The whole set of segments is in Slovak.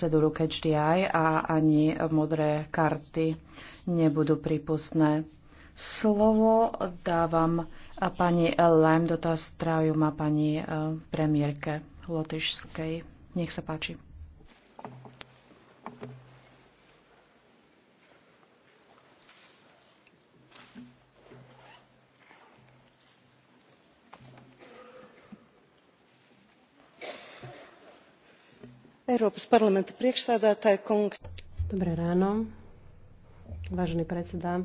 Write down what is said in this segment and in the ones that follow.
procedúru Catch the Eye a ani modré karty nebudú prípustné. Slovo dávam pani Lime, dotaz tráju má pani eh, premiérke Lotyšskej. Nech sa páči. Dobré ráno, vážený predseda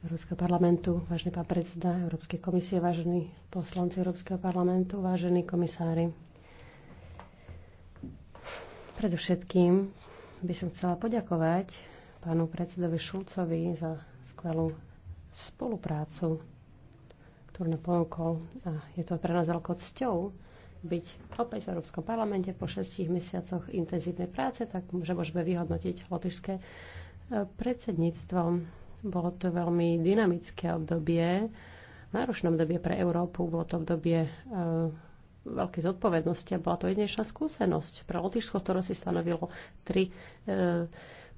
Európskeho parlamentu, vážený pán predseda Európskej komisie, vážení poslanci Európskeho parlamentu, vážení komisári. Predovšetkým by som chcela poďakovať pánu predsedovi Šulcovi za skvelú spoluprácu, ktorú ponúkol. A je to pre nás veľkou cťou, byť opäť v Európskom parlamente po šestich mesiacoch intenzívnej práce, tak že môžeme vyhodnotiť lotyšské e, predsedníctvo. Bolo to veľmi dynamické obdobie, náročné obdobie pre Európu, bolo to obdobie e, veľkej zodpovednosti a bola to jednejšia skúsenosť pre Lotyšsko, ktoré si stanovilo tri e,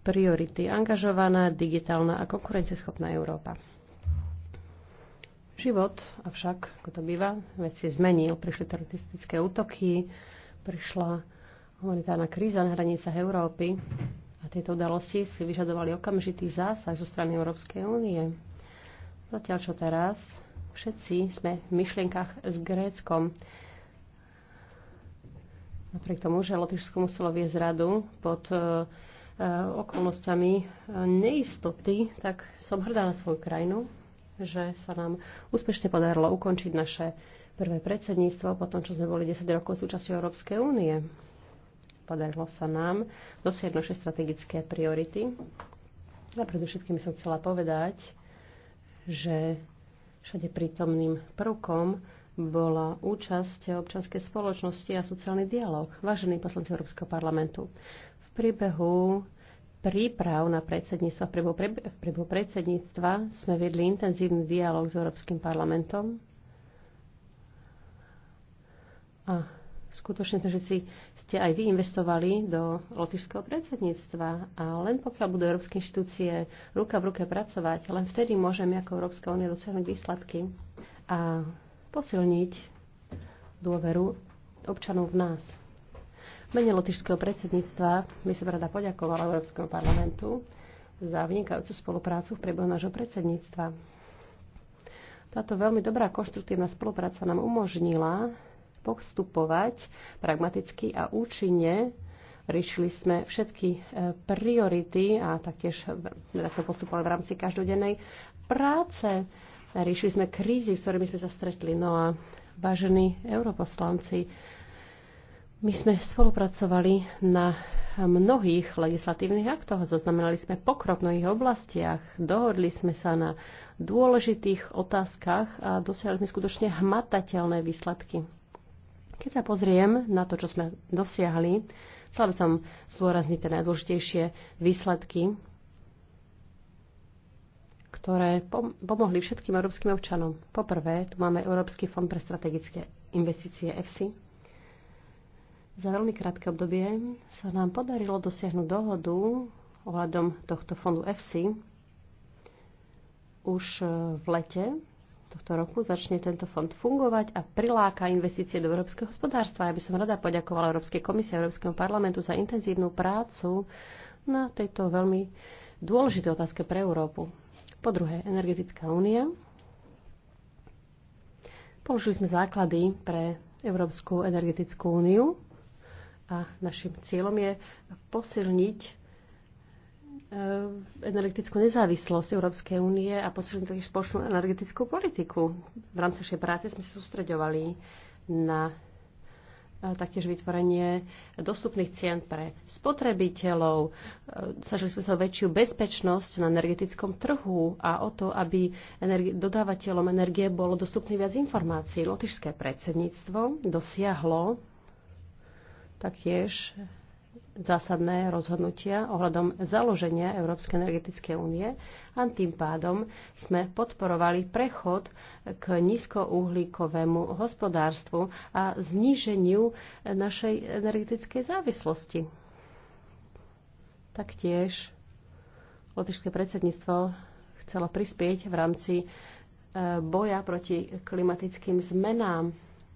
priority. Angažovaná, digitálna a konkurenceschopná Európa. Život avšak, ako to býva, veci zmenil. Prišli teroristické útoky, prišla humanitárna kríza na hranicách Európy a tieto udalosti si vyžadovali okamžitý zásah zo strany Európskej únie. Zatiaľ čo teraz, všetci sme v myšlienkach s Gréckom. Napriek tomu, že Lotyšsko muselo viesť radu pod uh, e, e, okolnosťami neistoty, tak som hrdá na svoju krajinu, že sa nám úspešne podarilo ukončiť naše prvé predsedníctvo po tom, čo sme boli 10 rokov súčasťou Európskej únie. Podarilo sa nám dosiahnuť naše strategické priority. A predovšetkým som chcela povedať, že všade prítomným prvkom bola účasť občanskej spoločnosti a sociálny dialog, vážení poslanci Európskeho parlamentu. V priebehu príprav na predsedníctva, v priebehu predsedníctva sme vedli intenzívny dialog s Európskym parlamentom a skutočne že si, ste aj vy investovali do lotišského predsedníctva a len pokiaľ budú európske inštitúcie ruka v ruke pracovať, len vtedy môžeme ako Európska únia dosiahnuť výsledky a posilniť dôveru občanov v nás mene lotišského predsedníctva by som rada poďakovala Európskemu parlamentu za vynikajúcu spoluprácu v priebehu nášho predsedníctva. Táto veľmi dobrá konštruktívna spolupráca nám umožnila postupovať pragmaticky a účinne. Riešili sme všetky e, priority a taktiež takto teda postupovali v rámci každodennej práce. Riešili sme krízy, s ktorými sme sa stretli. No a vážení europoslanci, my sme spolupracovali na mnohých legislatívnych aktoch, zaznamenali sme pokrok v mnohých oblastiach, dohodli sme sa na dôležitých otázkach a dosiahli sme skutočne hmatateľné výsledky. Keď sa pozriem na to, čo sme dosiahli, chcela by som zdôrazniť tie najdôležitejšie výsledky, ktoré pomohli všetkým európskym občanom. Poprvé, tu máme Európsky fond pre strategické investície EFSI, za veľmi krátke obdobie sa nám podarilo dosiahnuť dohodu ohľadom tohto fondu FC. Už e, v lete tohto roku začne tento fond fungovať a priláka investície do európskeho hospodárstva. Ja by som rada poďakovala Európskej komisie a Európskemu parlamentu za intenzívnu prácu na tejto veľmi dôležité otázke pre Európu. Po druhé, energetická únia. Položili sme základy pre Európsku energetickú úniu a našim cieľom je posilniť e, energetickú nezávislosť Európskej únie a posilniť takú spoločnú energetickú politiku. V rámci našej práce sme sa sústreďovali na e, taktiež vytvorenie dostupných cien pre spotrebiteľov. E, snažili sme sa o väčšiu bezpečnosť na energetickom trhu a o to, aby dodávateľom energie bolo dostupný viac informácií. Lotyšské predsedníctvo dosiahlo taktiež zásadné rozhodnutia ohľadom založenia Európskej energetickej únie a tým pádom sme podporovali prechod k nízkouhlíkovému hospodárstvu a zníženiu našej energetickej závislosti. Taktiež Lotyšské predsedníctvo chcelo prispieť v rámci e, boja proti klimatickým zmenám.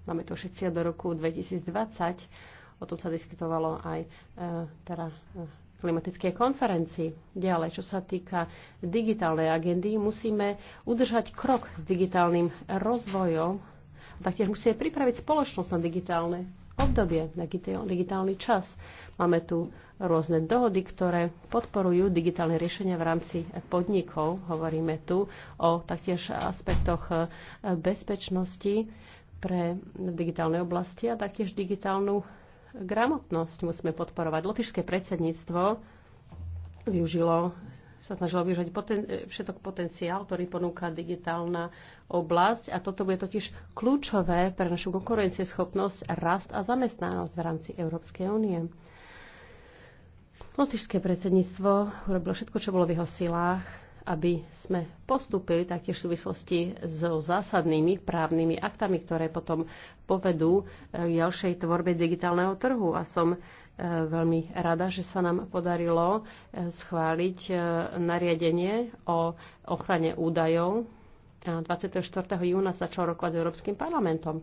Máme to všetci do roku 2020 O tom sa diskutovalo aj e, teda, e, klimatickej konferencii. Ďalej, čo sa týka digitálnej agendy, musíme udržať krok s digitálnym rozvojom. Taktiež musíme pripraviť spoločnosť na digitálne obdobie, na digitálny čas. Máme tu rôzne dohody, ktoré podporujú digitálne riešenia v rámci podnikov. Hovoríme tu o taktiež aspektoch e, bezpečnosti pre digitálne digitálnej oblasti a taktiež digitálnu gramotnosť musíme podporovať. Lotyšské predsedníctvo využilo, sa snažilo využiť poten, všetok potenciál, ktorý ponúka digitálna oblasť a toto bude totiž kľúčové pre našu konkurencieschopnosť, rast a zamestnanosť v rámci Európskej únie. Lotyšské predsedníctvo urobilo všetko, čo bolo v jeho silách, aby sme postupili taktiež v súvislosti so zásadnými právnymi aktami, ktoré potom povedú e, k ďalšej tvorbe digitálneho trhu. A som e, veľmi rada, že sa nám podarilo e, schváliť nariadenie o ochrane údajov. 24. júna začal rokovať s Európskym parlamentom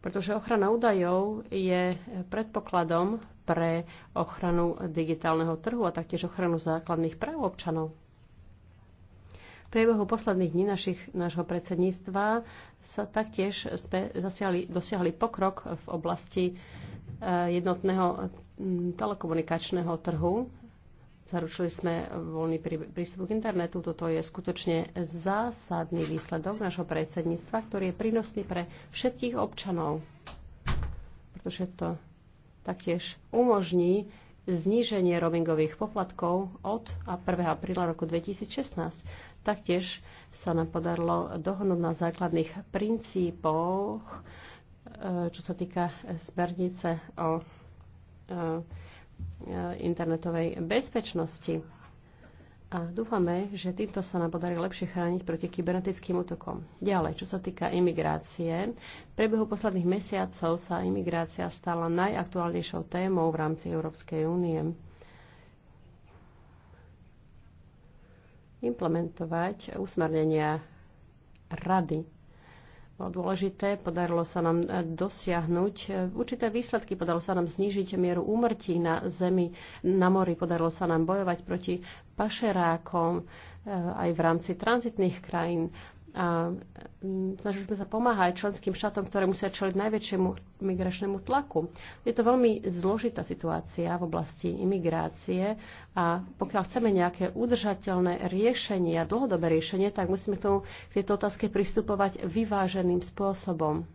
pretože ochrana údajov je predpokladom pre ochranu digitálneho trhu a taktiež ochranu základných práv občanov priebehu posledných dní našich, nášho predsedníctva sa taktiež sme dosiahli pokrok v oblasti e, jednotného telekomunikačného trhu. Zaručili sme voľný prístup k internetu. Toto je skutočne zásadný výsledok našho predsedníctva, ktorý je prínosný pre všetkých občanov, pretože to taktiež umožní zníženie roamingových poplatkov od 1. apríla roku 2016. Taktiež sa nám podarilo dohodnúť na základných princípoch, e, čo sa týka smernice o e, e, internetovej bezpečnosti. A dúfame, že týmto sa nám podarí lepšie chrániť proti kybernetickým útokom. Ďalej, čo sa týka imigrácie, v priebehu posledných mesiacov sa imigrácia stala najaktuálnejšou témou v rámci Európskej únie. implementovať usmernenia rady. Bolo dôležité, podarilo sa nám e, dosiahnuť e, určité výsledky, podarilo sa nám znižiť mieru úmrtí na zemi, na mori, podarilo sa nám bojovať proti pašerákom e, aj v rámci tranzitných krajín. A mm, snažili sme sa pomáhať členským štátom, ktoré musia čeliť najväčšiemu migračnému tlaku. Je to veľmi zložitá situácia v oblasti imigrácie a pokiaľ chceme nejaké udržateľné riešenie a dlhodobé riešenie, tak musíme k, tomu, k tejto otázke pristupovať vyváženým spôsobom.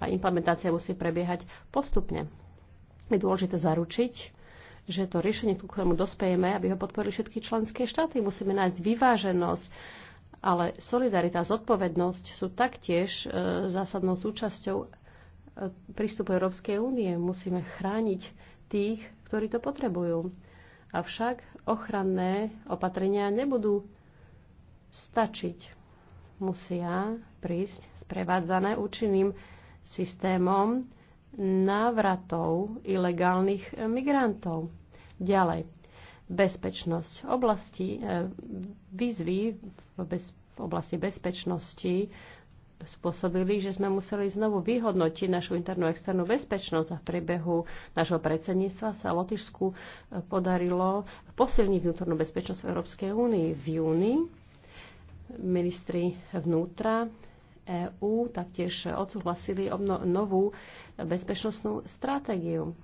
A implementácia musí prebiehať postupne. Je dôležité zaručiť, že to riešenie, ku ktorému dospejeme, aby ho podporili všetky členské štáty, musíme nájsť vyváženosť ale solidarita a zodpovednosť sú taktiež e, zásadnou súčasťou e, prístupu Európskej únie. Musíme chrániť tých, ktorí to potrebujú. Avšak ochranné opatrenia nebudú stačiť. Musia prísť sprevádzané účinným systémom návratov ilegálnych migrantov. Ďalej, bezpečnosť. Oblasti, e, výzvy v, bez, v oblasti bezpečnosti spôsobili, že sme museli znovu vyhodnotiť našu internú a externú bezpečnosť a v priebehu nášho predsedníctva sa Lotyšsku e, podarilo posilniť vnútornú bezpečnosť v Európskej únii v júni. Ministri vnútra EÚ taktiež odsúhlasili novú bezpečnostnú stratégiu.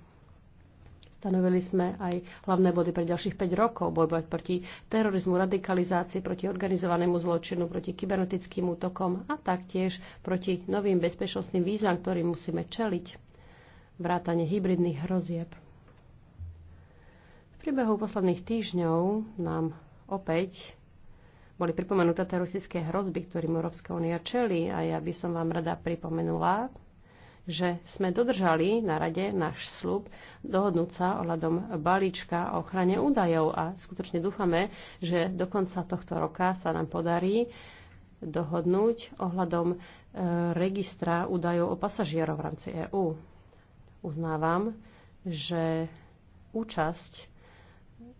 Stanovili sme aj hlavné body pre ďalších 5 rokov. Boj bojovať proti terorizmu, radikalizácii, proti organizovanému zločinu, proti kybernetickým útokom a taktiež proti novým bezpečnostným výzvam, ktorým musíme čeliť. Vrátanie hybridných hrozieb. V priebehu posledných týždňov nám opäť boli pripomenuté teroristické hrozby, ktorým Európska únia čelí a ja by som vám rada pripomenula že sme dodržali na rade náš slub dohodnúť sa ohľadom balíčka o ochrane údajov a skutočne dúfame, že do konca tohto roka sa nám podarí dohodnúť ohľadom e, registra údajov o pasažierov v rámci EÚ. Uznávam, že účasť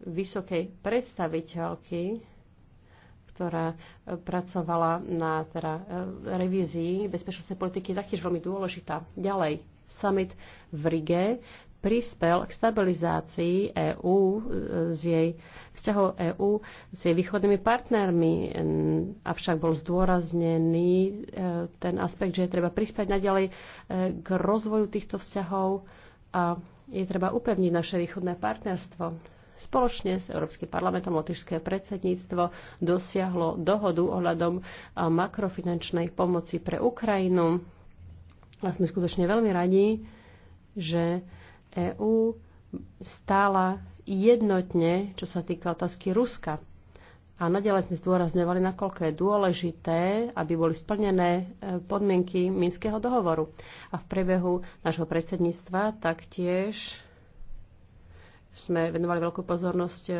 vysokej predstaviteľky ktorá e, pracovala na teda, e, revízii bezpečnostnej politiky, je taktiež veľmi dôležitá. Ďalej, summit v Rige prispel k stabilizácii EÚ e, z jej vzťahov EÚ s jej východnými partnermi. Avšak bol zdôraznený ten aspekt, že je treba prispieť naďalej k rozvoju týchto vzťahov a je treba upevniť naše východné partnerstvo. Spoločne s Európskym parlamentom Lotyšské predsedníctvo dosiahlo dohodu ohľadom makrofinančnej pomoci pre Ukrajinu. A sme skutočne veľmi radi, že EÚ stála jednotne, čo sa týka otázky Ruska. A nadalej sme zdôrazňovali, nakoľko je dôležité, aby boli splnené e, podmienky Minského dohovoru. A v priebehu nášho predsedníctva taktiež sme venovali veľkú pozornosť e, e,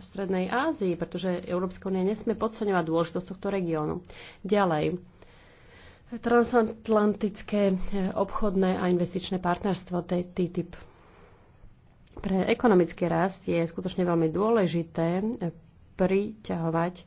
Strednej Ázii, pretože Európska únia nesmie podceňovať dôležitosť tohto regiónu. Ďalej, transatlantické e, obchodné a investičné partnerstvo TTIP. Pre ekonomický rast je skutočne veľmi dôležité priťahovať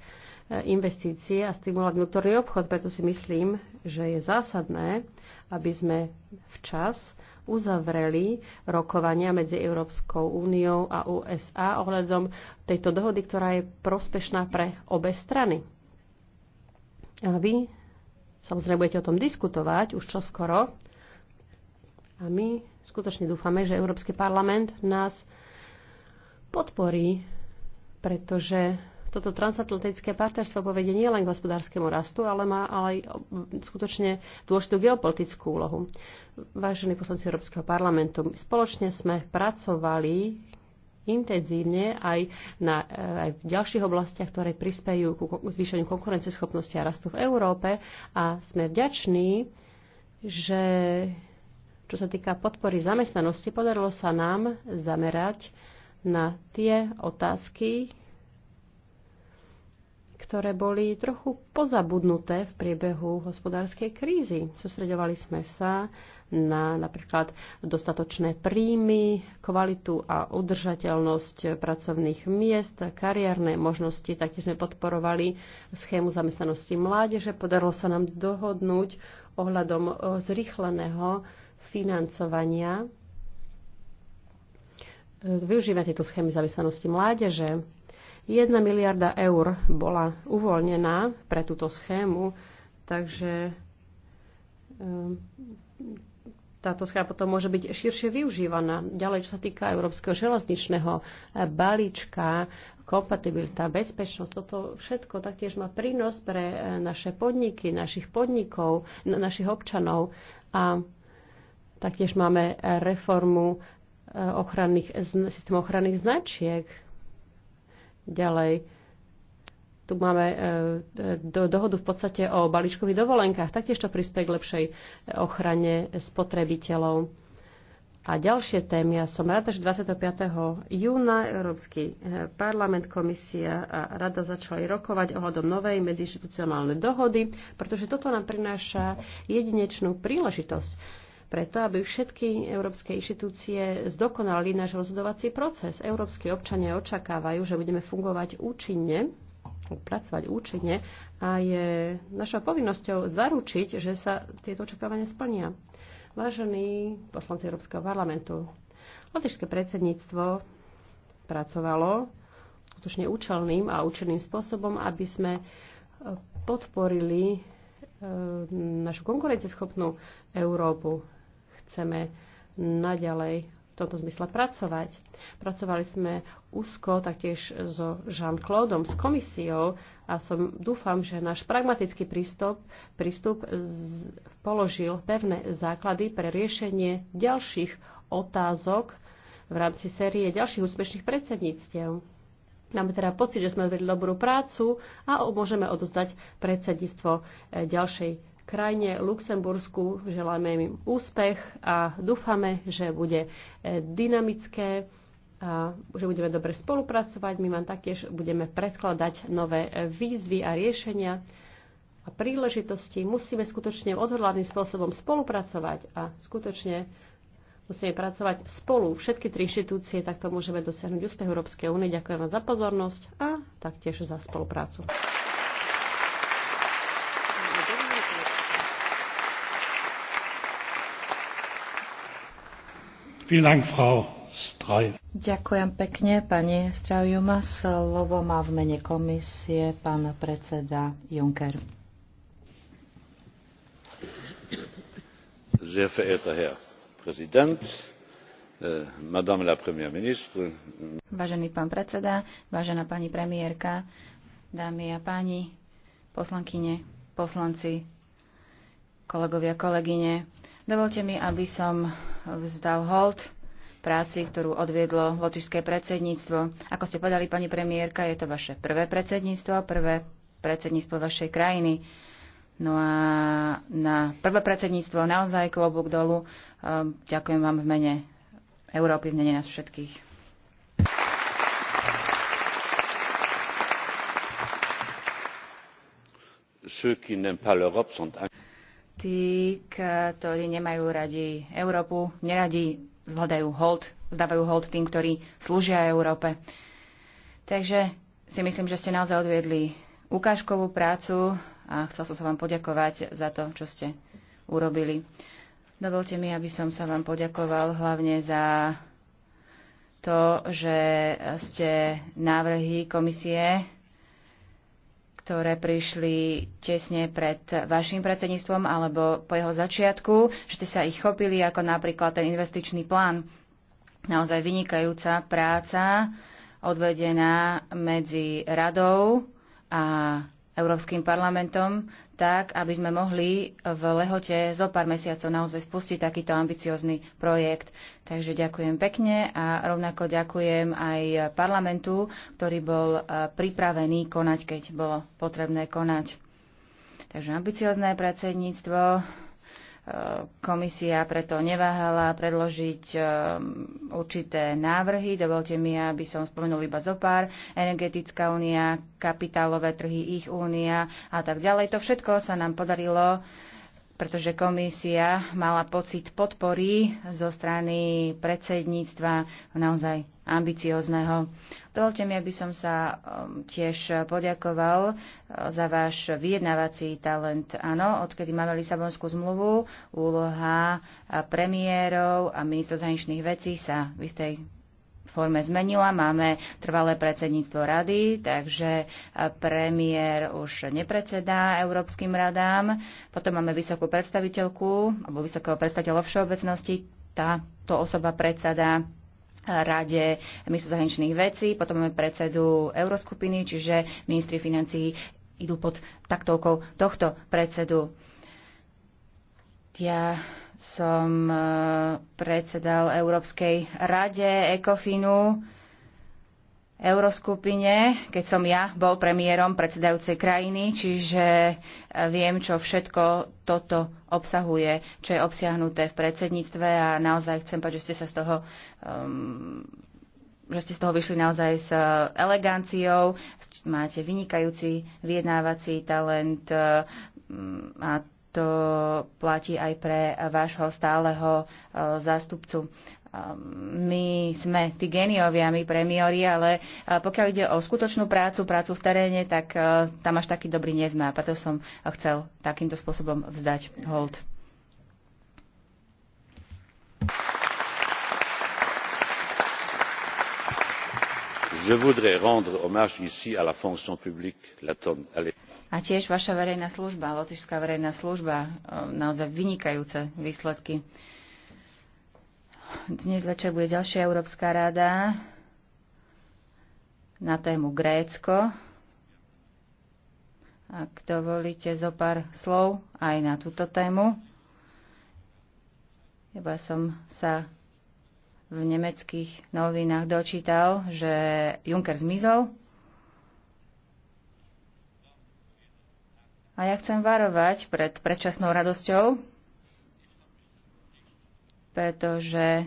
investície a stimulovať vnútorný obchod. Preto si myslím, že je zásadné, aby sme včas uzavreli rokovania medzi Európskou úniou a USA ohľadom tejto dohody, ktorá je prospešná pre obe strany. A vy samozrejme budete o tom diskutovať už čoskoro. A my skutočne dúfame, že Európsky parlament nás podporí, pretože toto transatlantické partnerstvo povedie nielen k hospodárskému rastu, ale má aj skutočne dôležitú geopolitickú úlohu. Vážení poslanci Európskeho parlamentu, spoločne sme pracovali intenzívne aj, na, aj v ďalších oblastiach, ktoré prispejú k zvýšeniu konkurenceschopnosti a rastu v Európe. A sme vďační, že čo sa týka podpory zamestnanosti, podarilo sa nám zamerať na tie otázky, ktoré boli trochu pozabudnuté v priebehu hospodárskej krízy. Sosredovali sme sa na napríklad dostatočné príjmy, kvalitu a udržateľnosť pracovných miest, kariérne možnosti. Taktiež sme podporovali schému zamestnanosti mládeže. Podarilo sa nám dohodnúť ohľadom zrýchleného financovania využívať tieto schémy zamestnanosti mládeže. 1 miliarda eur bola uvoľnená pre túto schému, takže ehm, táto schéma potom môže byť širšie využívaná. Ďalej, čo sa týka Európskeho železničného eh, balíčka, kompatibilita, bezpečnosť, toto všetko taktiež má prínos pre eh, naše podniky, našich podnikov, našich občanov a taktiež máme eh, reformu ochranných, systému ochranných značiek, Ďalej, tu máme e, do, dohodu v podstate o balíčkových dovolenkách, taktiež to prispieje k lepšej e, ochrane spotrebiteľov. A ďalšie témy, ja som rada, že 25. júna Európsky e, parlament, komisia a rada začali rokovať ohľadom novej medzištitucionálnej dohody, pretože toto nám prináša jedinečnú príležitosť preto, aby všetky európske inštitúcie zdokonali náš rozhodovací proces. Európske občania očakávajú, že budeme fungovať účinne, pracovať účinne a je našou povinnosťou zaručiť, že sa tieto očakávania splnia. Vážení poslanci Európskeho parlamentu, Lotyšské predsedníctvo pracovalo skutočne účelným a účinným spôsobom, aby sme e, podporili e, našu konkurencieschopnú Európu chceme naďalej v tomto zmysle pracovať. Pracovali sme úzko taktiež so Jean-Claudom, s komisiou a som dúfam, že náš pragmatický prístup, prístup z, položil pevné základy pre riešenie ďalších otázok v rámci série ďalších úspešných predsedníctiev. Máme teda pocit, že sme odvedli dobrú prácu a môžeme odozdať predsedníctvo eh, ďalšej krajine Luxembursku. Želáme im úspech a dúfame, že bude e, dynamické a že budeme dobre spolupracovať. My vám taktiež budeme predkladať nové e, výzvy a riešenia a príležitosti. Musíme skutočne odhodlaným spôsobom spolupracovať a skutočne musíme pracovať spolu. Všetky tri inštitúcie takto môžeme dosiahnuť úspech Európskej únie. Ďakujem vám za pozornosť a taktiež za spoluprácu. Ďakujem pekne, pani Straujuma. Slovo má v mene komisie pán predseda Juncker. Sehr verehrter Herr Präsident, äh, Madame la Première Ministre. Vážený pán predseda, vážená pani premiérka, dámy a páni, poslankyne, poslanci, kolegovia, kolegyne. Dovolte mi, aby som vzdal hold práci, ktorú odviedlo lotišské predsedníctvo. Ako ste povedali, pani premiérka, je to vaše prvé predsedníctvo, prvé predsedníctvo vašej krajiny. No a na prvé predsedníctvo naozaj klobúk dolu. Ehm, ďakujem vám v mene Európy, v mene nás všetkých. Ceux qui n'aiment pas l'Europe sont tí, ktorí nemajú radi Európu, neradi zvládajú hold, zdávajú hold tým, ktorí slúžia Európe. Takže si myslím, že ste naozaj odviedli ukážkovú prácu a chcel som sa vám poďakovať za to, čo ste urobili. Dovolte mi, aby som sa vám poďakoval hlavne za to, že ste návrhy komisie ktoré prišli tesne pred vašim predsedníctvom alebo po jeho začiatku, že ste sa ich chopili, ako napríklad ten investičný plán. Naozaj vynikajúca práca odvedená medzi radou a Európskym parlamentom, tak aby sme mohli v lehote zo pár mesiacov naozaj spustiť takýto ambiciózny projekt. Takže ďakujem pekne a rovnako ďakujem aj parlamentu, ktorý bol eh, pripravený konať, keď bolo potrebné konať. Takže ambiciózne predsedníctvo, Komisia preto neváhala predložiť um, určité návrhy. Dovolte mi, aby som spomenul iba zo pár. Energetická únia, kapitálové trhy, ich únia a tak ďalej. To všetko sa nám podarilo pretože komisia mala pocit podpory zo strany predsedníctva naozaj ambiciozného. Dovolte mi, aby som sa um, tiež poďakoval uh, za váš vyjednávací talent. Áno, odkedy máme Lisabonskú zmluvu, úloha premiérov a ministrov zahraničných vecí sa v istej forme zmenila. Máme trvalé predsedníctvo rady, takže e, premiér už nepredsedá Európskym radám. Potom máme vysokú predstaviteľku, alebo vysokého predstaviteľa všeobecnosti. Táto osoba predsedá e, Rade ministrov zahraničných vecí, potom máme predsedu Euroskupiny, čiže ministri financií idú pod taktovkou tohto predsedu. Ja som e, predsedal Európskej rade ECOFINu, euroskupine, keď som ja bol premiérom predsedajúcej krajiny, čiže e, viem, čo všetko toto obsahuje, čo je obsiahnuté v predsedníctve a naozaj chcem pať, že ste sa z toho um, že ste z toho vyšli naozaj s e, eleganciou, máte vynikajúci vyjednávací talent a to platí aj pre vášho stáleho e, zástupcu. E, my sme tí geniovia, my premiori, ale e, pokiaľ ide o skutočnú prácu, prácu v teréne, tak tam až taký dobrý nie sme a preto som chcel takýmto spôsobom vzdať hold. Je voudrais rendre hommage ici à la fonction publique, la tonne. Allez. A tiež vaša verejná služba, lotišská verejná služba, e, naozaj vynikajúce výsledky. Dnes večer bude ďalšia Európska rada na tému Grécko. Ak dovolíte zo pár slov aj na túto tému. Iba som sa v nemeckých novinách dočítal, že Juncker zmizol A ja chcem varovať pred predčasnou radosťou, pretože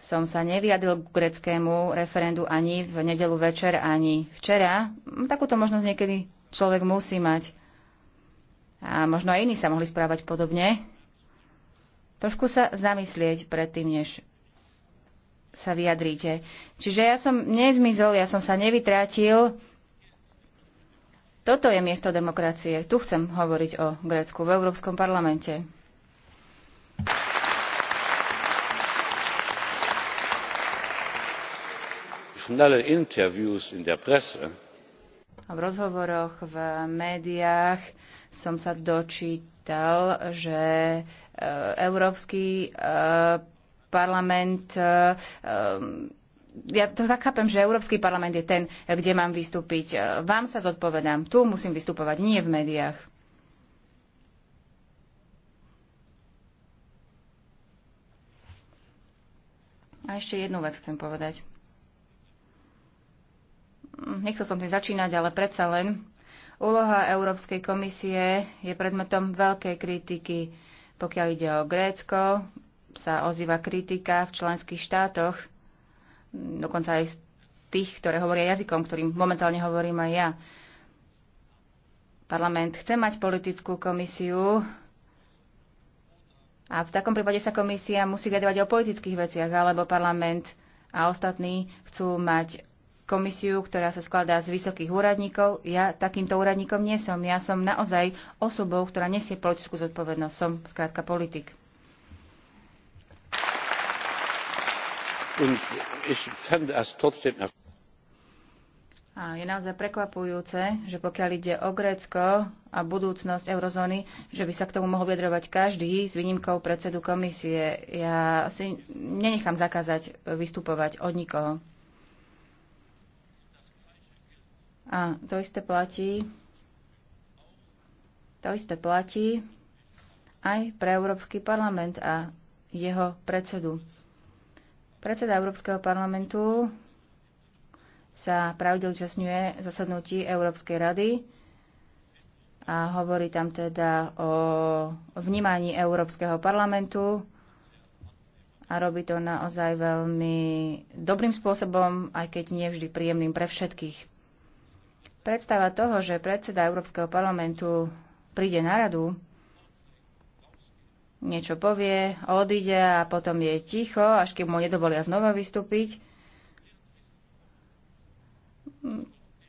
som sa nevyjadil k greckému referendu ani v nedelu večer, ani včera. No, takúto možnosť niekedy človek musí mať. A možno aj iní sa mohli správať podobne. Trošku sa zamyslieť predtým, než sa vyjadríte. Čiže ja som nezmizol, ja som sa nevytratil. Toto je miesto demokracie. Tu chcem hovoriť o Grécku v Európskom parlamente. v rozhovoroch v médiách som sa dočítal, že e, Európsky e, parlament e, ja to tak chápem, že Európsky parlament je ten, kde mám vystúpiť. E, vám sa zodpovedám. Tu musím vystupovať, nie v médiách. A ešte jednu vec chcem povedať. Hm, nechcel som tým začínať, ale predsa len. Úloha Európskej komisie je predmetom veľkej kritiky. Pokiaľ ide o Grécko, sa ozýva kritika v členských štátoch dokonca aj z tých, ktoré hovoria jazykom, ktorým momentálne hovorím aj ja. Parlament chce mať politickú komisiu a v takom prípade sa komisia musí vyjadrovať o politických veciach, alebo parlament a ostatní chcú mať komisiu, ktorá sa skladá z vysokých úradníkov. Ja takýmto úradníkom nie som. Ja som naozaj osobou, ktorá nesie politickú zodpovednosť. Som skrátka politik. je naozaj prekvapujúce, že pokiaľ ide o Grécko a budúcnosť eurozóny, že by sa k tomu mohol vyjadrovať každý s výnimkou predsedu komisie. Ja si nenechám zakázať vystupovať od nikoho. A to isté platí, to isté platí aj pre Európsky parlament a jeho predsedu. Predseda Európskeho parlamentu sa pravidel časňuje zasadnutí Európskej rady a hovorí tam teda o vnímaní Európskeho parlamentu a robí to naozaj veľmi dobrým spôsobom, aj keď nie vždy príjemným pre všetkých. Predstava toho, že predseda Európskeho parlamentu príde na radu niečo povie, odíde a potom je ticho, až kým mu nedovolia znova vystúpiť.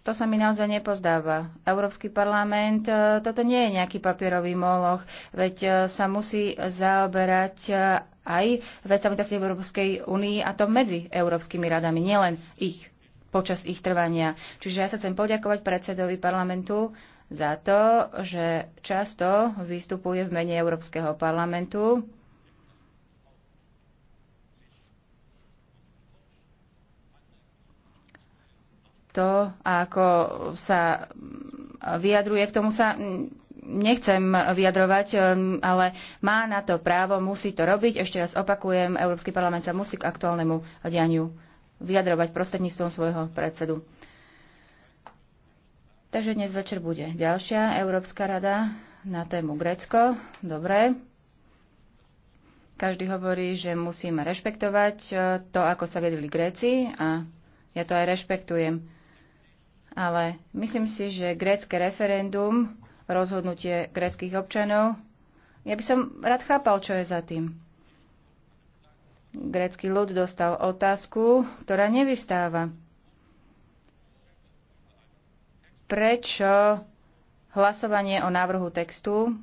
To sa mi naozaj nepozdáva. Európsky parlament, e, toto nie je nejaký papierový moloch, veď e, sa musí zaoberať e, aj vecami v Európskej únii a to medzi európskymi radami, nielen ich počas ich trvania. Čiže ja sa chcem poďakovať predsedovi parlamentu za to, že často vystupuje v mene Európskeho parlamentu to, ako sa vyjadruje, k tomu sa nechcem vyjadrovať, ale má na to právo, musí to robiť. Ešte raz opakujem, Európsky parlament sa musí k aktuálnemu dianiu vyjadrovať prostredníctvom svojho predsedu. Takže dnes večer bude ďalšia Európska rada na tému Grécko. Dobre. Každý hovorí, že musíme rešpektovať eh, to, ako sa vedeli Gréci a ja to aj rešpektujem. Ale myslím si, že grécke referendum, rozhodnutie gréckých občanov, ja by som rád chápal, čo je za tým. Grécky ľud dostal otázku, ktorá nevystáva prečo hlasovanie o návrhu textu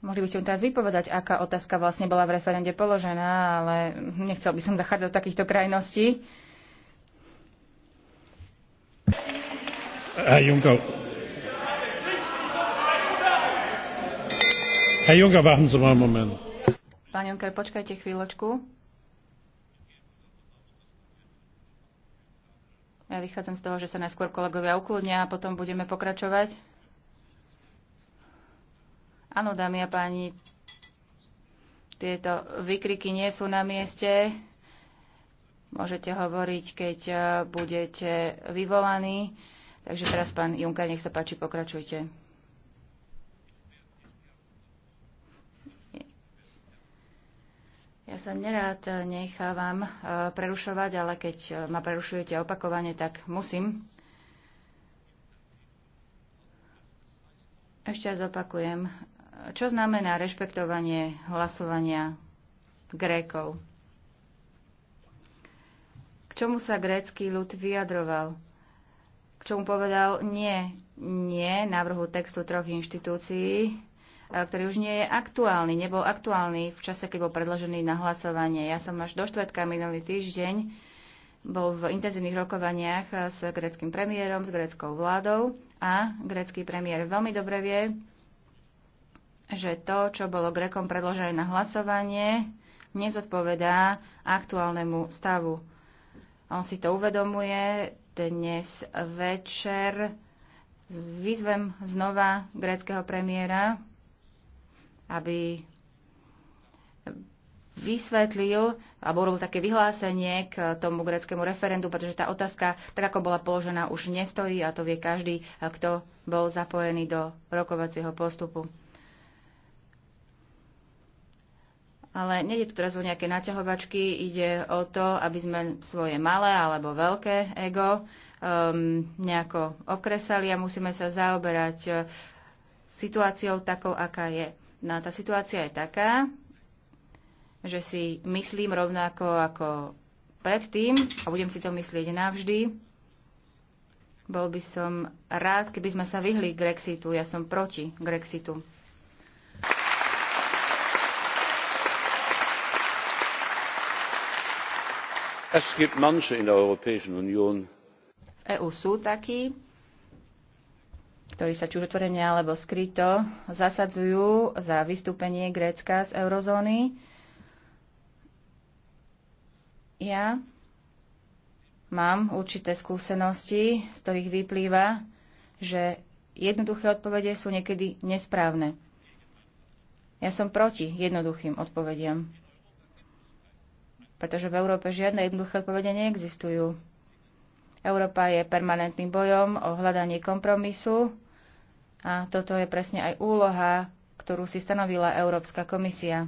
Mohli by ste mi teraz vypovedať, aká otázka vlastne bola v referende položená, ale nechcel by som zachádzať do takýchto krajností. Herr Juncker. Herr Juncker, warten Sie mal einen Moment. Pán Juncker, počkajte chvíľočku. Ja vychádzam z toho, že sa najskôr kolegovia ukludnia a potom budeme pokračovať. Áno, dámy a páni, tieto vykriky nie sú na mieste. Môžete hovoriť, keď eh, budete vyvolaní. Takže teraz, pán Junka, nech sa páči, pokračujte. Ja sa nerád nechávam e, prerušovať, ale keď e, ma prerušujete opakovane, tak musím. Ešte raz opakujem. Čo znamená rešpektovanie hlasovania Grékov? K čomu sa grécky ľud vyjadroval? K čomu povedal nie, nie návrhu textu troch inštitúcií, Eh, ktorý už nie je aktuálny, nebol aktuálny v čase, keď bol predložený na hlasovanie. Ja som až do štvrtka minulý týždeň bol v intenzívnych rokovaniach eh, s greckým premiérom, s greckou vládou a grecký premiér veľmi dobre vie, že to, čo bolo Grekom predložené na hlasovanie, nezodpovedá aktuálnemu stavu. On si to uvedomuje dnes večer. Vyzvem znova greckého premiéra, aby vysvetlil alebo urobil také vyhlásenie k tomu greckému referendu, pretože tá otázka, tak ako bola položená, už nestojí a to vie každý, kto bol zapojený do rokovacieho postupu. Ale nejde tu teraz o nejaké naťahovačky, ide o to, aby sme svoje malé alebo veľké ego um, nejako okresali a musíme sa zaoberať uh, situáciou takou, aká je. No tá situácia je taká, že si myslím rovnako ako predtým a budem si to myslieť navždy. Bol by som rád, keby sme sa vyhli Grexitu. Ja som proti Grexitu. Es gibt manche in der Europäischen Union. EU sú takí, ktorí sa či už otvorene alebo skryto zasadzujú za vystúpenie Grécka z eurozóny. Ja mám určité skúsenosti, z ktorých vyplýva, že jednoduché odpovede sú niekedy nesprávne. Ja som proti jednoduchým odpovediam, pretože v Európe žiadne jednoduché odpovede neexistujú. Európa je permanentným bojom o hľadanie kompromisu a toto je presne aj úloha, ktorú si stanovila Európska komisia.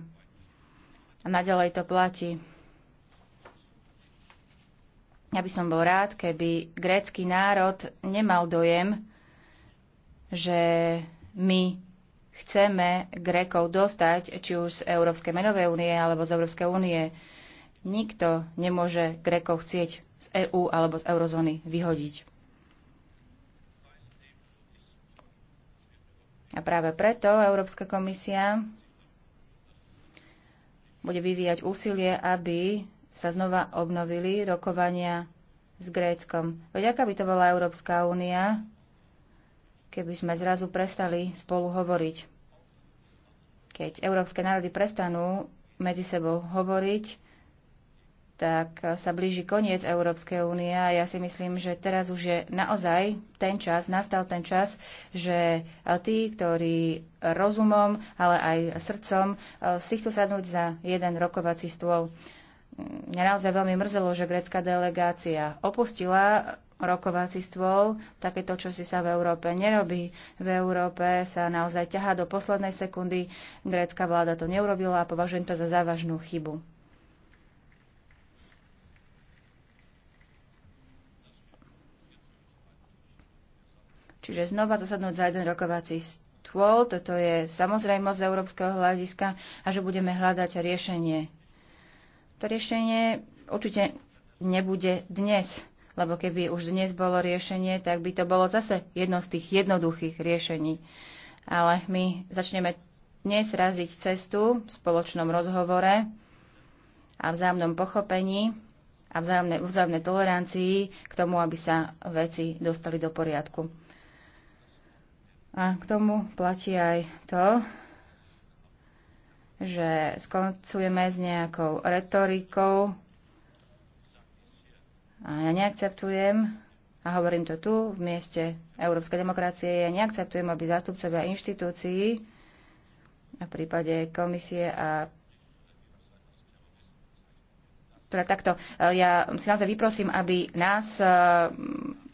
A naďalej to platí. Ja by som bol rád, keby grécky národ nemal dojem, že my chceme Grékov dostať, či už z Európskej menovej únie alebo z Európskej únie. Nikto nemôže Grékov chcieť z EÚ alebo z eurozóny vyhodiť. A práve preto Európska komisia bude vyvíjať úsilie, aby sa znova obnovili rokovania s Gréckom. Veď aká by to bola Európska únia, keby sme zrazu prestali spolu hovoriť. Keď európske národy prestanú medzi sebou hovoriť, tak sa blíži koniec Európskej únie a ja si myslím, že teraz už je naozaj ten čas, nastal ten čas, že tí, ktorí rozumom, ale aj srdcom eh, si chcú sadnúť za jeden rokovací stôl. Mňa naozaj veľmi mrzelo, že grecká delegácia opustila rokovací stôl, takéto, čo si sa v Európe nerobí. V Európe sa naozaj ťahá do poslednej sekundy. Grécka vláda to neurobila a považujem to za závažnú chybu. Čiže znova zasadnúť za jeden rokovací stôl, toto je samozrejmosť z európskeho hľadiska a že budeme hľadať riešenie. To riešenie určite nebude dnes, lebo keby už dnes bolo riešenie, tak by to bolo zase jedno z tých jednoduchých riešení. Ale my začneme dnes raziť cestu v spoločnom rozhovore a vzájomnom pochopení a vzájomnej, vzájomnej tolerancii k tomu, aby sa veci dostali do poriadku. A k tomu platí aj to, že skoncujeme s nejakou retorikou. A ja neakceptujem, a hovorím to tu, v mieste Európskej demokracie, ja neakceptujem, aby zástupcovia inštitúcií a v prípade komisie a teda takto, ja si naozaj vyprosím, aby nás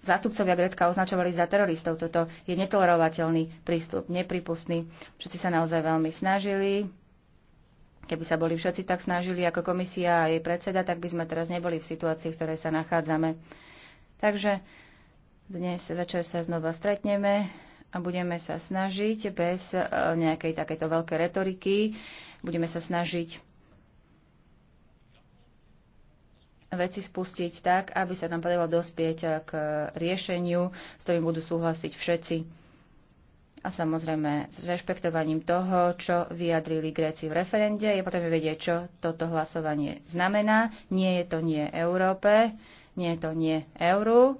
zástupcovia Grécka označovali za teroristov. Toto je netolerovateľný prístup, nepripustný. Všetci sa naozaj veľmi snažili. Keby sa boli všetci tak snažili ako komisia a jej predseda, tak by sme teraz neboli v situácii, v ktorej sa nachádzame. Takže dnes večer sa znova stretneme a budeme sa snažiť bez eh, nejakej takéto veľkej retoriky. Budeme sa snažiť veci spustiť tak, aby sa nám podarilo dospieť eh, k riešeniu, s ktorým budú súhlasiť všetci. A samozrejme s rešpektovaním toho, čo vyjadrili Gréci v referende, je potrebné vedieť, čo toto hlasovanie znamená. Nie je to nie Európe, nie je to nie euru,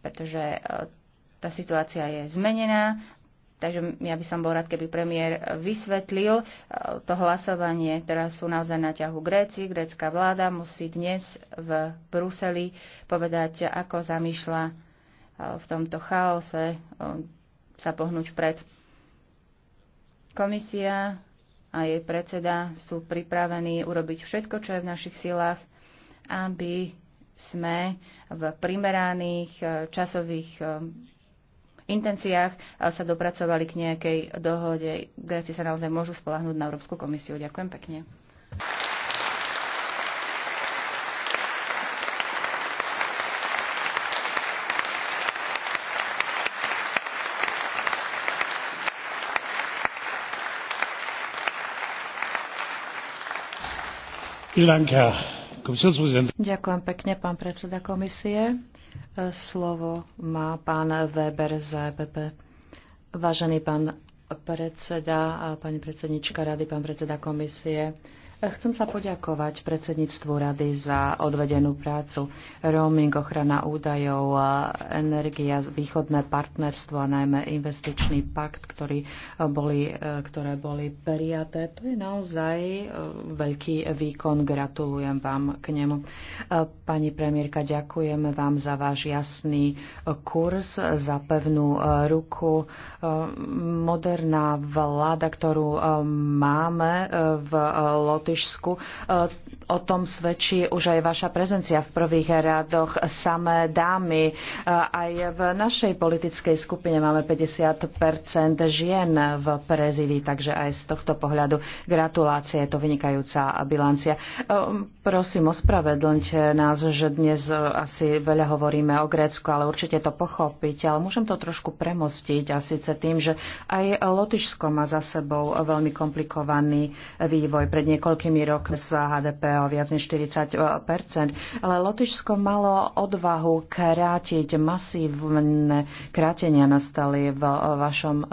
pretože eh, tá situácia je zmenená Takže ja by som bol rád, keby premiér vysvetlil e, to hlasovanie. Teraz sú naozaj na ťahu Gréci. Grécka vláda musí dnes v Bruseli povedať, ako zamýšľa e, v tomto chaose e, sa pohnúť pred. Komisia a jej predseda sú pripravení urobiť všetko, čo je v našich silách, aby sme v primeraných časových intenciách sa dopracovali k nejakej dohode. Gréci sa naozaj môžu spolahnúť na Európsku komisiu. Ďakujem pekne. Ďakujem pekne, pán predseda komisie. Slovo má pán Weber z EPP. Vážený pán predseda, pani predsednička rady, pán predseda komisie, Chcem sa poďakovať predsedníctvu rady za odvedenú prácu. Roaming, ochrana údajov, energia, východné partnerstvo a najmä investičný pakt, ktorý e, boli, e, ktoré boli prijaté. To je naozaj e, veľký výkon. Gratulujem vám k nemu. Pani premiérka, ďakujem vám za váš jasný kurz, za pevnú ruku. Moderná vláda, ktorú máme v Lot Lotyšsku. E, o tom svedčí už aj vaša prezencia v prvých radoch. Samé dámy. E, aj v našej politickej skupine máme 50 žien v prezidii, takže aj z tohto pohľadu gratulácie. Je to vynikajúca bilancia. E, prosím, ospravedlňte nás, že dnes asi veľa hovoríme o Grécku, ale určite to pochopiť. Ale môžem to trošku premostiť a síce tým, že aj Lotyšsko má za sebou veľmi komplikovaný vývoj. Pred niekoľko veľkými rok z HDP o viac než 40 ale Lotyšsko malo odvahu krátiť masívne krátenia nastali v vašom e, e,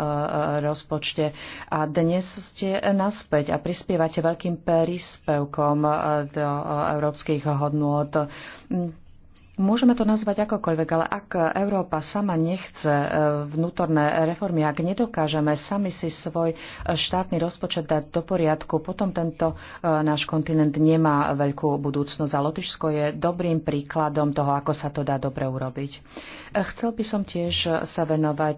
rozpočte a dnes ste naspäť a prispievate veľkým príspevkom e, do európskych hodnôt Môžeme to nazvať akokoľvek, ale ak Európa sama nechce e, vnútorné reformy, ak nedokážeme sami si svoj e, štátny rozpočet dať do poriadku, potom tento e, náš kontinent nemá veľkú budúcnosť. A Lotyšsko je dobrým príkladom toho, ako sa to dá dobre urobiť. Chcel by som tiež sa venovať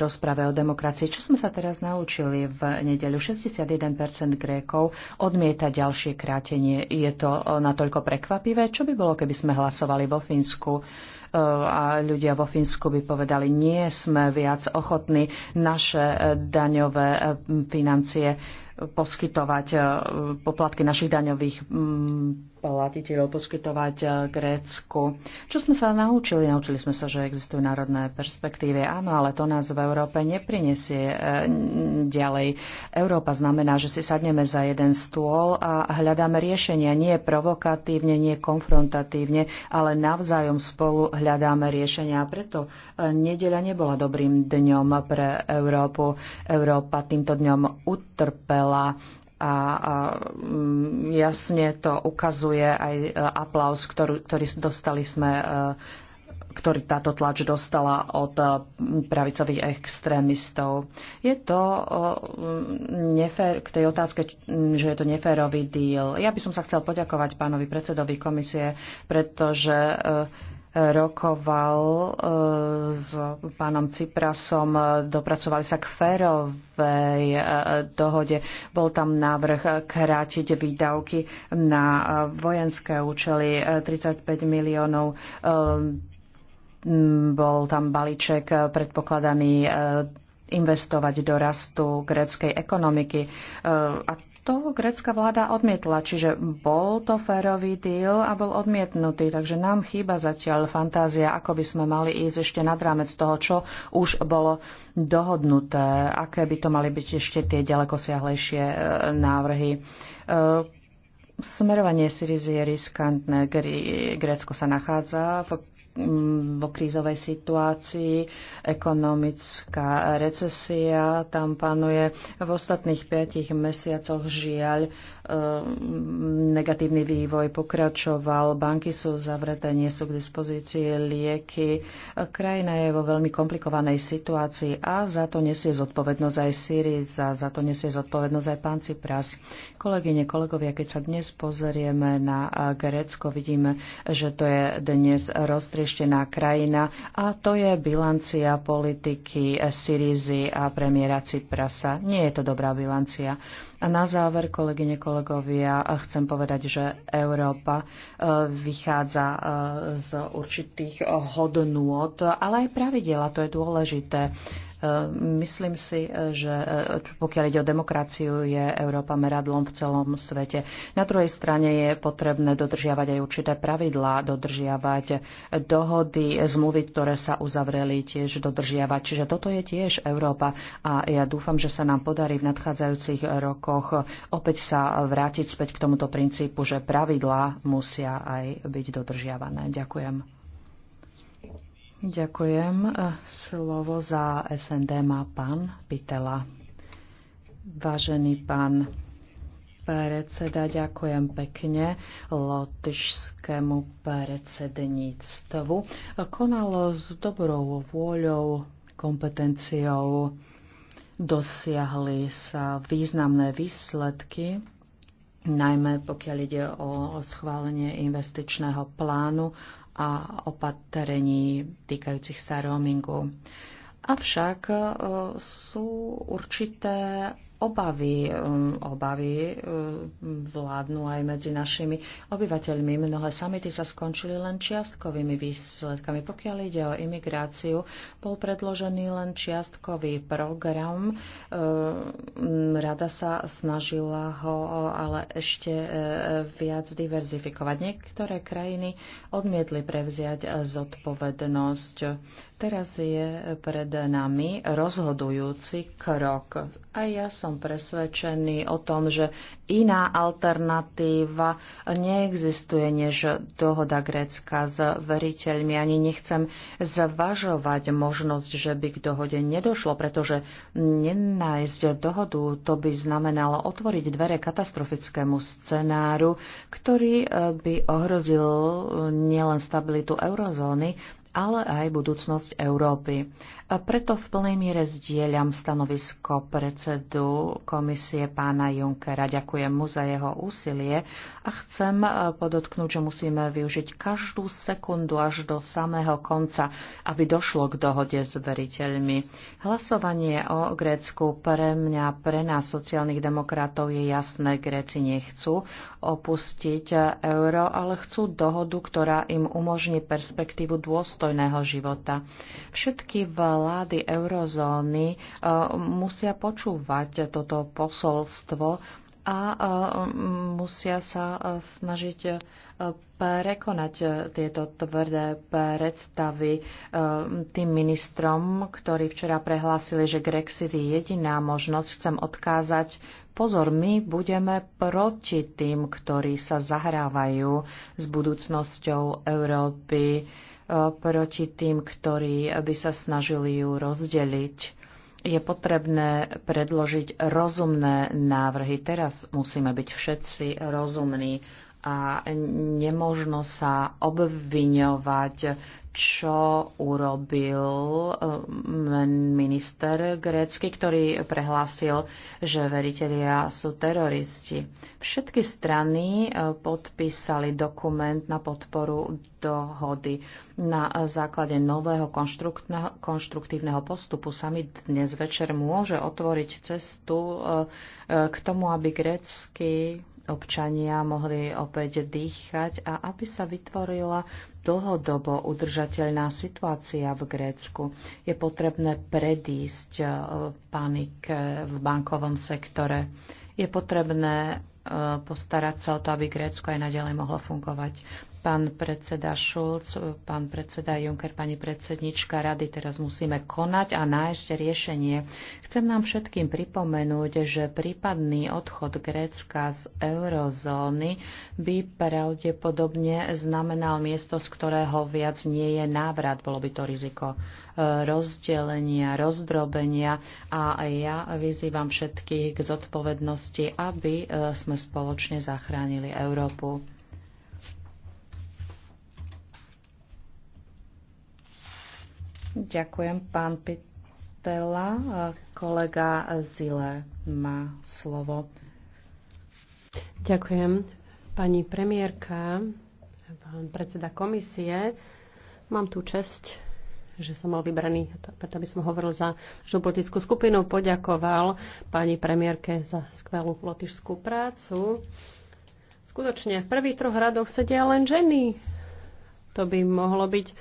rozprave o demokracii. Čo sme sa teraz naučili v nedeľu? 61% Grékov odmieta ďalšie krátenie. Je to natoľko prekvapivé? Čo by bolo, keby sme hlasovali vo Fínsku e, a ľudia vo Fínsku by povedali, nie sme viac ochotní naše e, daňové e, financie poskytovať e, poplatky našich daňových mm, platiteľov, poskytovať e, Grécku. Čo sme sa naučili? Naučili sme sa, že existujú národné perspektívy. Áno, ale to nás v Európe neprinesie e, ďalej. Európa znamená, že si sadneme za jeden stôl a hľadáme riešenia. Nie provokatívne, nie konfrontatívne, ale navzájom spolu hľadáme riešenia. A preto nedeľa nebola dobrým dňom pre Európu. Európa týmto dňom utrpela veľa a, a mm, jasne to ukazuje aj e, aplaus, ktorý, ktorý dostali sme e, ktorý táto tlač dostala od e, pravicových extrémistov. Je to mm, nefér, k tej otázke, že je to neférový díl. Ja by som sa chcel poďakovať pánovi predsedovi komisie, pretože rokoval e, s pánom Ciprasom, e, dopracovali sa k férovej e, dohode. Bol tam návrh krátiť výdavky na vojenské účely 35 miliónov bol tam balíček predpokladaný investovať do rastu gréckej ekonomiky. A to grecká vláda odmietla, čiže bol to férový deal a bol odmietnutý, takže nám chýba zatiaľ fantázia, ako by sme mali ísť ešte nad rámec toho, čo už bolo dohodnuté, aké by to mali byť ešte tie ďalekosiahlejšie e, návrhy. E, smerovanie Syrizy je riskantné. Grécko sa nachádza v vo krízovej situácii, ekonomická recesia tam panuje. V ostatných piatich mesiacoch žiaľ e, negatívny vývoj pokračoval, banky sú zavreté, nie sú k dispozícii lieky. Krajina je vo veľmi komplikovanej situácii a za to nesie zodpovednosť aj Syriza, za to nesie zodpovednosť aj pán Cipras. Kolegyne, kolegovia, keď sa dnes pozrieme na Grécko, vidíme, že to je dnes roztriesené okleštená krajina a to je bilancia politiky Syrizy a premiéra Ciprasa. Nie je to dobrá bilancia. A na záver, kolegyne, kolegovia, chcem povedať, že Európa e, vychádza e, z určitých hodnôt, ale aj pravidela to je dôležité. Ehm, myslím si, e, že e, pokiaľ ide o demokraciu, je Európa meradlom v celom svete. Na druhej strane je potrebné dodržiavať aj určité pravidlá, dodržiavať dohody, zmluvy, ktoré sa uzavreli, tiež dodržiavať. Čiže toto je tiež Európa a ja dúfam, že sa nám podarí v nadchádzajúcich rokoch opäť sa vrátiť späť k tomuto princípu, že pravidlá musia aj byť dodržiavané. Ďakujem. Ďakujem. E, slovo za SND má pán Pitela. Vážený pán predseda, ďakujem pekne lotyšskému predsedníctvu. Konalo s dobrou vôľou, kompetenciou, dosiahli sa významné výsledky, najmä pokiaľ ide o schválenie investičného plánu a opatrení týkajúcich sa roamingu. Avšak e, sú určité obavy, um, obavy um, vládnu aj medzi našimi obyvateľmi. Mnohé samity sa skončili len čiastkovými výsledkami. Pokiaľ ide o imigráciu, bol predložený len čiastkový program. Um, rada sa snažila ho ale ešte e, viac diverzifikovať. Niektoré krajiny odmietli prevziať zodpovednosť. Teraz je pred nami rozhodujúci krok. A ja som som presvedčený o tom, že iná alternatíva neexistuje než dohoda Grécka s veriteľmi. Ani nechcem zvažovať možnosť, že by k dohode nedošlo, pretože nenájsť dohodu to by znamenalo otvoriť dvere katastrofickému scenáru, ktorý eh, by ohrozil eh, nielen stabilitu eurozóny, ale aj budúcnosť Európy. A preto v plnej miere zdieľam stanovisko predsedu komisie pána Junckera. Ďakujem mu za jeho úsilie a chcem e, podotknúť, že musíme využiť každú sekundu až do samého konca, aby došlo k dohode s veriteľmi. Hlasovanie o Grécku pre mňa, pre nás sociálnych demokratov je jasné. Gréci nechcú opustiť euro, ale chcú dohodu, ktorá im umožní perspektívu dôstojného života. Všetky v vlády eurozóny e, musia počúvať toto posolstvo a e, musia sa e, snažiť prekonať tieto tvrdé predstavy tým ministrom, ktorí včera prehlásili, že Grexit je jediná možnosť. Chcem odkázať, pozor, my budeme proti tým, ktorí sa zahrávajú s budúcnosťou Európy proti tým, ktorí by sa snažili ju rozdeliť. Je potrebné predložiť rozumné návrhy. Teraz musíme byť všetci rozumní a nemožno sa obviňovať čo urobil um, minister grécky, ktorý prehlásil, že veritelia sú teroristi. Všetky strany uh, podpísali dokument na podporu dohody. Na základe nového konštruktívneho postupu sa mi dnes večer môže otvoriť cestu uh, uh, k tomu, aby grécky občania mohli opäť dýchať a aby sa vytvorila dlhodobo udržateľná situácia v Grécku. Je potrebné predísť e, panike v bankovom sektore. Je potrebné e, postarať sa o to, aby Grécko aj naďalej mohlo fungovať pán predseda Šulc, pán predseda Juncker, pani predsednička rady, teraz musíme konať a nájsť riešenie. Chcem nám všetkým pripomenúť, že prípadný odchod Grécka z eurozóny by pravdepodobne znamenal miesto, z ktorého viac nie je návrat. Bolo by to riziko e, rozdelenia, rozdrobenia a ja vyzývam všetkých k zodpovednosti, aby e, sme spoločne zachránili Európu. Ďakujem, pán Pitela. Kolega Zile má slovo. Ďakujem. Pani premiérka, pán predseda komisie, mám tu čest že som mal vybraný, preto by som hovoril za našu politickú skupinu, poďakoval pani premiérke za skvelú lotišskú prácu. Skutočne, v prvých troch radoch sedia len ženy. To by mohlo byť e,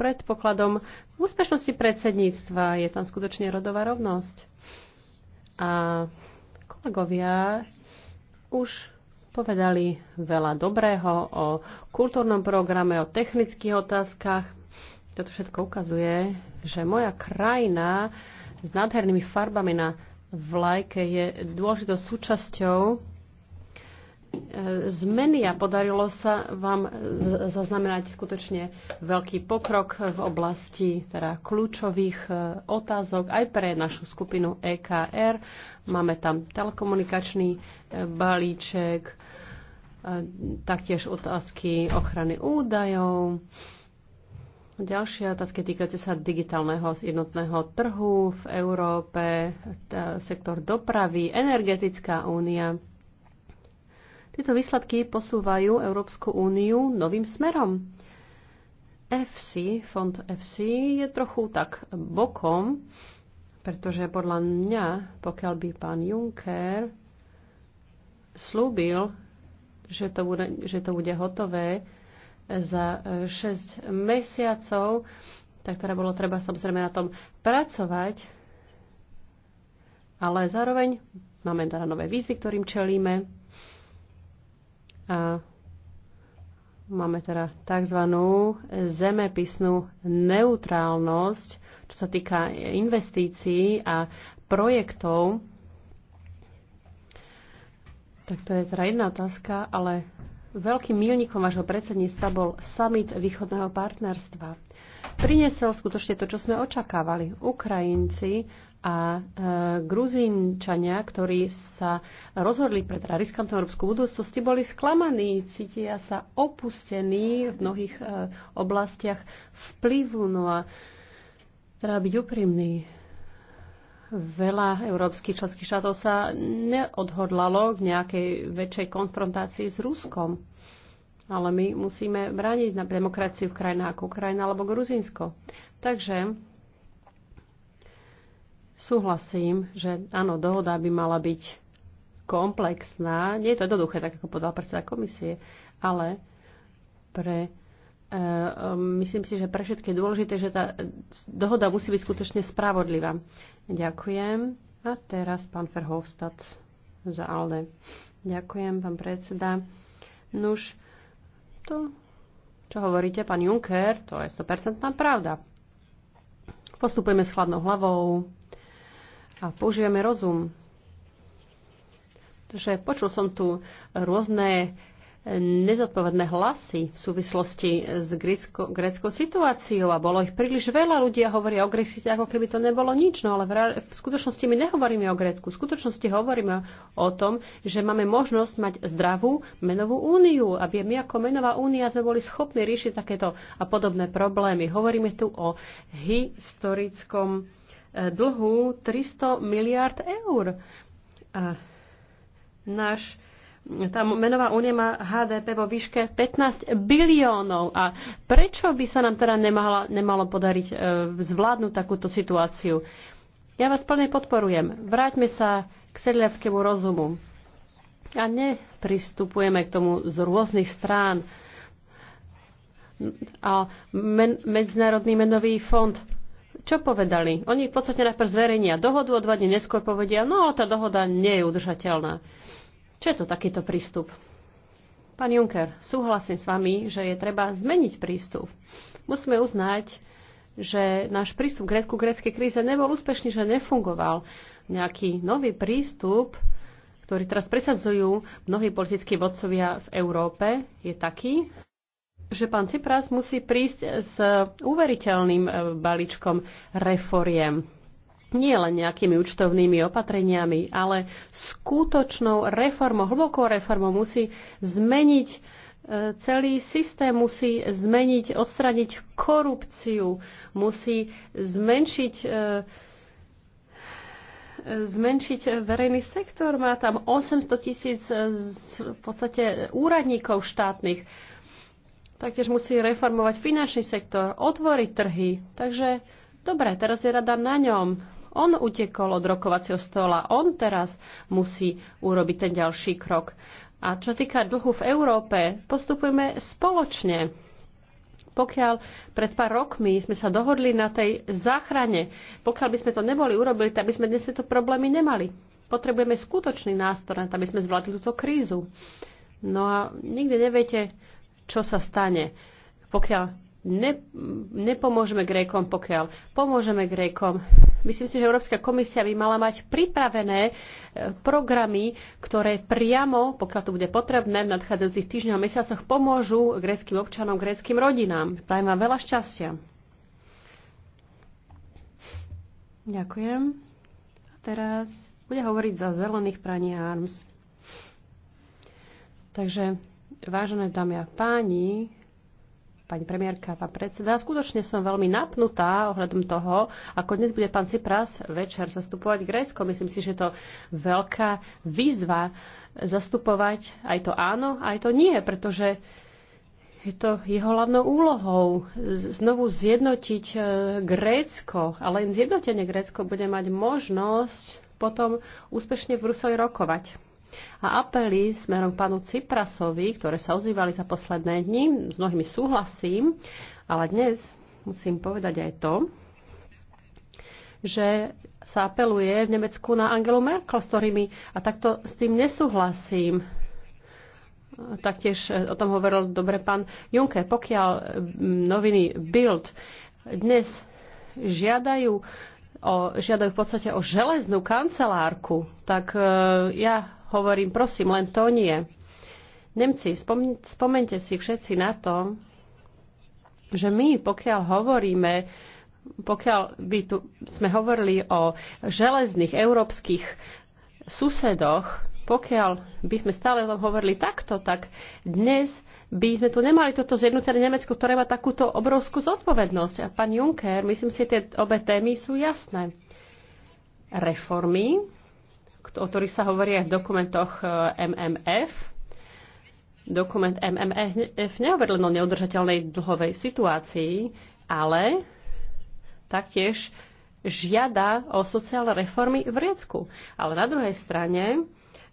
predpokladom úspešnosti predsedníctva. Je tam skutočne rodová rovnosť. A kolegovia už povedali veľa dobrého o kultúrnom programe, o technických otázkach. Toto všetko ukazuje, že moja krajina s nádhernými farbami na vlajke je dôležitou súčasťou E, zmeny a podarilo sa vám zaznamenať skutočne veľký pokrok v oblasti teda kľúčových e, otázok aj pre našu skupinu EKR. Máme tam telekomunikačný e, balíček, taktiež otázky ochrany údajov. Ďalšie otázky týkajúce sa digitálneho jednotného trhu v Európe, sektor dopravy, energetická únia. Tieto výsledky posúvajú Európsku úniu novým smerom. FC, fond FC je trochu tak bokom, pretože podľa mňa, pokiaľ by pán Juncker slúbil, že to bude, že to bude hotové za 6 mesiacov, tak teda bolo treba samozrejme na tom pracovať, ale zároveň máme teda nové výzvy, ktorým čelíme. A máme teda tzv. zemepisnú neutrálnosť, čo sa týka investícií a projektov. Tak to je teda jedna otázka, ale veľkým milníkom vášho predsedníctva bol summit východného partnerstva priniesol skutočne to, čo sme očakávali. Ukrajinci a e, Gruzínčania, ktorí sa rozhodli pre teda riskantnú európsku budúcnosť, boli sklamaní, cítia sa opustení v mnohých e, oblastiach vplyvu. No a treba byť úprimný. Veľa európskych členských štátov sa neodhodlalo k nejakej väčšej konfrontácii s Ruskom ale my musíme brániť na demokraciu v krajinách ako Ukrajina alebo Gruzinsko. Takže súhlasím, že áno, dohoda by mala byť komplexná. Nie je to jednoduché, tak ako povedal predseda komisie, ale pre e, e, myslím si, že pre všetky je dôležité, že tá dohoda musí byť skutočne spravodlivá. Ďakujem. A teraz pán Ferhovstad za ALDE. Ďakujem, pán predseda. Nuž, to, čo hovoríte, pán Juncker, to je 100% pravda. Postupujeme s chladnou hlavou a použijeme rozum. Takže počul som tu rôzne nezodpovedné hlasy v súvislosti s grécko, gréckou situáciou a bolo ich príliš veľa. Ľudia hovoria o Grexite, ako keby to nebolo nič, no ale v, v skutočnosti my nehovoríme o Grécku. V skutočnosti hovoríme o tom, že máme možnosť mať zdravú menovú úniu, aby my ako menová únia sme boli schopní riešiť takéto a podobné problémy. Hovoríme tu o historickom e, dlhu 300 miliard eur. A náš tá menová únia má HDP vo výške 15 biliónov. A prečo by sa nám teda nemala, nemalo podariť e, zvládnuť takúto situáciu? Ja vás plne podporujem. Vráťme sa k sedliackému rozumu. A nepristupujeme k tomu z rôznych strán. A men, Medzinárodný menový fond čo povedali? Oni v podstate najprv zverejnia dohodu odvadne dva dní neskôr povedia, no ale tá dohoda nie je udržateľná. Čo je to takýto prístup? Pán Juncker, súhlasím s vami, že je treba zmeniť prístup. Musíme uznať, že náš prístup k grécku greckej kríze nebol úspešný, že nefungoval. Nejaký nový prístup, ktorý teraz presadzujú mnohí politickí vodcovia v Európe, je taký, že pán Cipras musí prísť s uveriteľným e, balíčkom reforiem nie len nejakými účtovnými opatreniami, ale skutočnou reformou, hlbokou reformou musí zmeniť e, celý systém, musí zmeniť, odstraniť korupciu, musí zmenšiť e, zmenšiť verejný sektor. Má tam 800 tisíc e, v podstate úradníkov štátnych. Taktiež musí reformovať finančný sektor, otvoriť trhy. Takže dobre, teraz je rada na ňom on utekol od rokovacieho stola. On teraz musí urobiť ten ďalší krok. A čo týka dlhu v Európe, postupujeme spoločne. Pokiaľ pred pár rokmi sme sa dohodli na tej záchrane, pokiaľ by sme to neboli urobili, tak by sme dnes tieto problémy nemali. Potrebujeme skutočný nástroj, aby sme zvládli túto krízu. No a nikdy neviete, čo sa stane, pokiaľ ne, nepomôžeme Grékom, pokiaľ pomôžeme Grékom. Myslím si, že Európska komisia by mala mať pripravené e, programy, ktoré priamo, pokiaľ to bude potrebné, v nadchádzajúcich týždňoch a mesiacoch pomôžu gréckým občanom, gréckým rodinám. Prajem vám veľa šťastia. Ďakujem. A teraz bude hovoriť za zelených praní Arms. Takže, vážené dámy a páni, pani premiérka, pán predseda. Skutočne som veľmi napnutá ohľadom toho, ako dnes bude pán Cipras večer zastupovať Grécko. Myslím si, že je to veľká výzva zastupovať aj to áno, aj to nie, pretože je to jeho hlavnou úlohou znovu zjednotiť e, Grécko. A len zjednotenie Grécko bude mať možnosť potom úspešne v Bruseli rokovať. A apely smerom k pánu Ciprasovi, ktoré sa ozývali za posledné dni, s mnohými súhlasím, ale dnes musím povedať aj to, že sa apeluje v Nemecku na Angelu Merkel, s ktorými, a takto s tým nesúhlasím. Taktiež eh, o tom hovoril dobre pán Juncker. Pokiaľ mm, noviny Bild dnes žiadajú, o, žiadajú v podstate o železnú kancelárku, tak eh, ja hovorím, prosím, len to nie. Nemci, spom- spomente si všetci na to, že my, pokiaľ hovoríme, pokiaľ by tu sme hovorili o železných európskych susedoch, pokiaľ by sme stále hovorili takto, tak dnes by sme tu nemali toto zjednotené Nemecko, ktoré má takúto obrovskú zodpovednosť. A pán Juncker, myslím si, tie obe témy sú jasné. Reformy, o ktorých sa hovorí aj v dokumentoch e, MMF. Dokument MMF nehovorí len o neudržateľnej dlhovej situácii, ale taktiež žiada o sociálne reformy v Riecku. Ale na druhej strane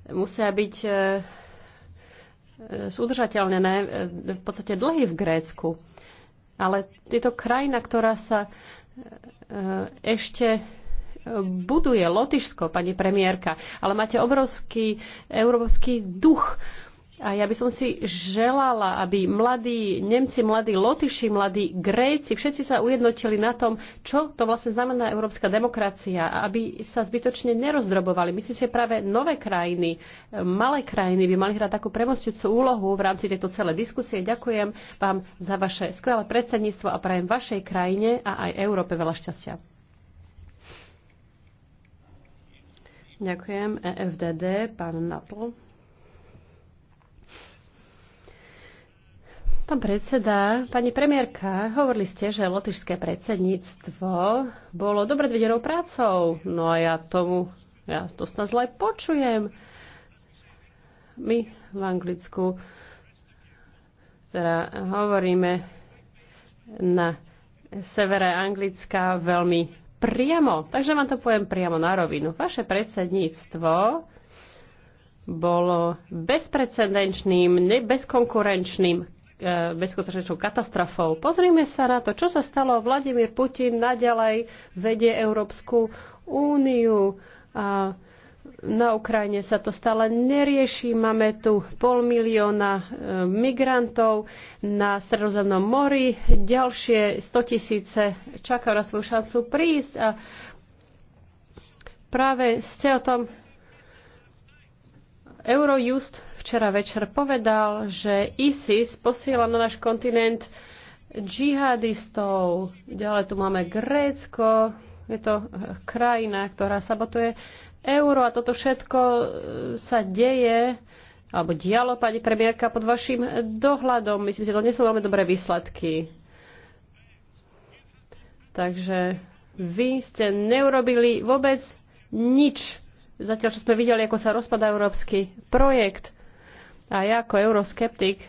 musia byť e, e, súdržateľné v podstate dlhy v Grécku. Ale je to krajina, ktorá sa ešte buduje Lotyšsko, pani premiérka, ale máte obrovský európsky duch. A ja by som si želala, aby mladí Nemci, mladí Lotyši, mladí Gréci, všetci sa ujednotili na tom, čo to vlastne znamená európska demokracia aby sa zbytočne nerozdrobovali. Myslím, že práve nové krajiny, malé krajiny by mali hrať takú premostujúcu úlohu v rámci tejto celé diskusie. Ďakujem vám za vaše skvelé predsedníctvo a prajem vašej krajine a aj Európe veľa šťastia. Ďakujem. EFDD, pán Napol. Pán predseda, pani premiérka, hovorili ste, že lotišské predsedníctvo bolo dobre vedenou prácou. No a ja tomu, ja to snad zle počujem. My v Anglicku teda hovoríme na severe Anglicka veľmi priamo. Takže vám to poviem priamo na rovinu. Vaše predsedníctvo bolo bezprecedenčným, bezkonkurenčným, e, bezkonkurenčnou katastrofou. Pozrime sa na to, čo sa stalo. Vladimír Putin naďalej vedie Európsku úniu. A na Ukrajine sa to stále nerieši. Máme tu pol milióna e, migrantov na Stredozemnom mori, ďalšie 100 tisíce čakajú na svoju šancu prísť a práve ste o tom Eurojust včera večer povedal, že ISIS posiela na náš kontinent džihadistov. Ďalej tu máme Grécko, je to e, krajina, ktorá sabotuje Euro a toto všetko e, sa deje alebo dialo, pani premiérka, pod vašim dohľadom. Myslím si, že to nie sú veľmi dobré výsledky. Takže vy ste neurobili vôbec nič, zatiaľ čo sme videli, ako sa rozpadá európsky projekt. A ja ako euroskeptik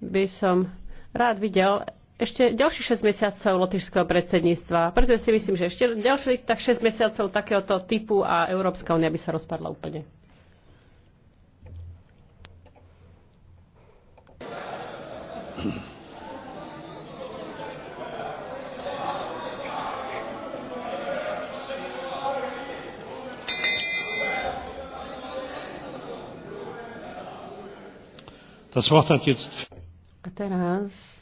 by som rád videl ešte ďalších 6 mesiacov lotišského predsedníctva. Preto si myslím, že ešte ďalších tak 6 mesiacov takéhoto typu a Európska únia by sa rozpadla úplne. Das Wort hat jetzt. teraz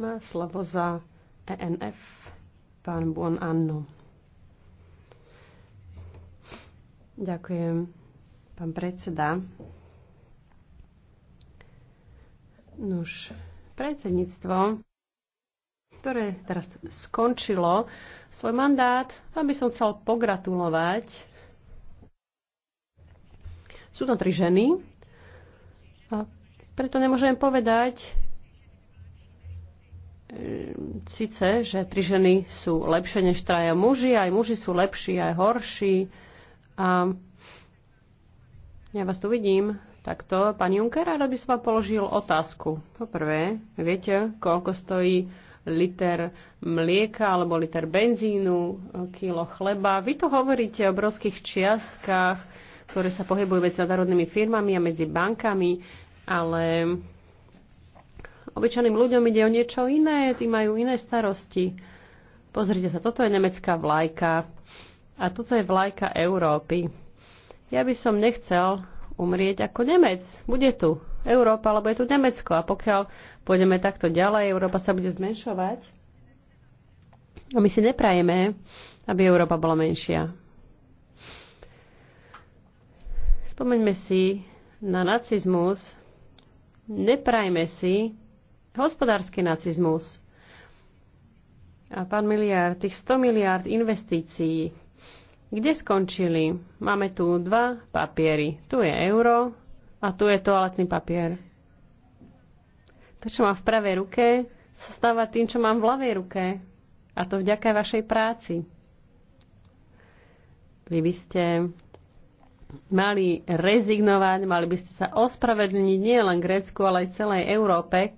má slovo za ENF pán Buon Anno. Ďakujem, pán predseda. Nož, predsedníctvo, ktoré teraz skončilo svoj mandát, aby som chcel pogratulovať. Sú tam tri ženy a preto nemôžem povedať, síce, že tri ženy sú lepšie než traja muži, aj muži sú lepší, aj horší. A ja vás tu vidím. Takto, pani Juncker, rád by som vám položil otázku. Poprvé, viete, koľko stojí liter mlieka alebo liter benzínu, kilo chleba. Vy tu hovoríte o obrovských čiastkách, ktoré sa pohybujú medzi národnými firmami a medzi bankami, ale obyčajným ľuďom ide o niečo iné, tí majú iné starosti. Pozrite sa, toto je nemecká vlajka a toto je vlajka Európy. Ja by som nechcel umrieť ako Nemec. Bude tu Európa, alebo je tu Nemecko. A pokiaľ pôjdeme takto ďalej, Európa sa bude zmenšovať. A my si neprajeme, aby Európa bola menšia. Spomeňme si na nacizmus. Neprajme si, hospodársky nacizmus. A pán miliard, tých 100 miliard investícií, kde skončili? Máme tu dva papiery. Tu je euro a tu je toaletný papier. To, čo mám v pravej ruke, sa stáva tým, čo mám v ľavej ruke. A to vďaka vašej práci. Vy by ste mali rezignovať, mali by ste sa ospravedlniť nielen Grécku, ale aj celej Európe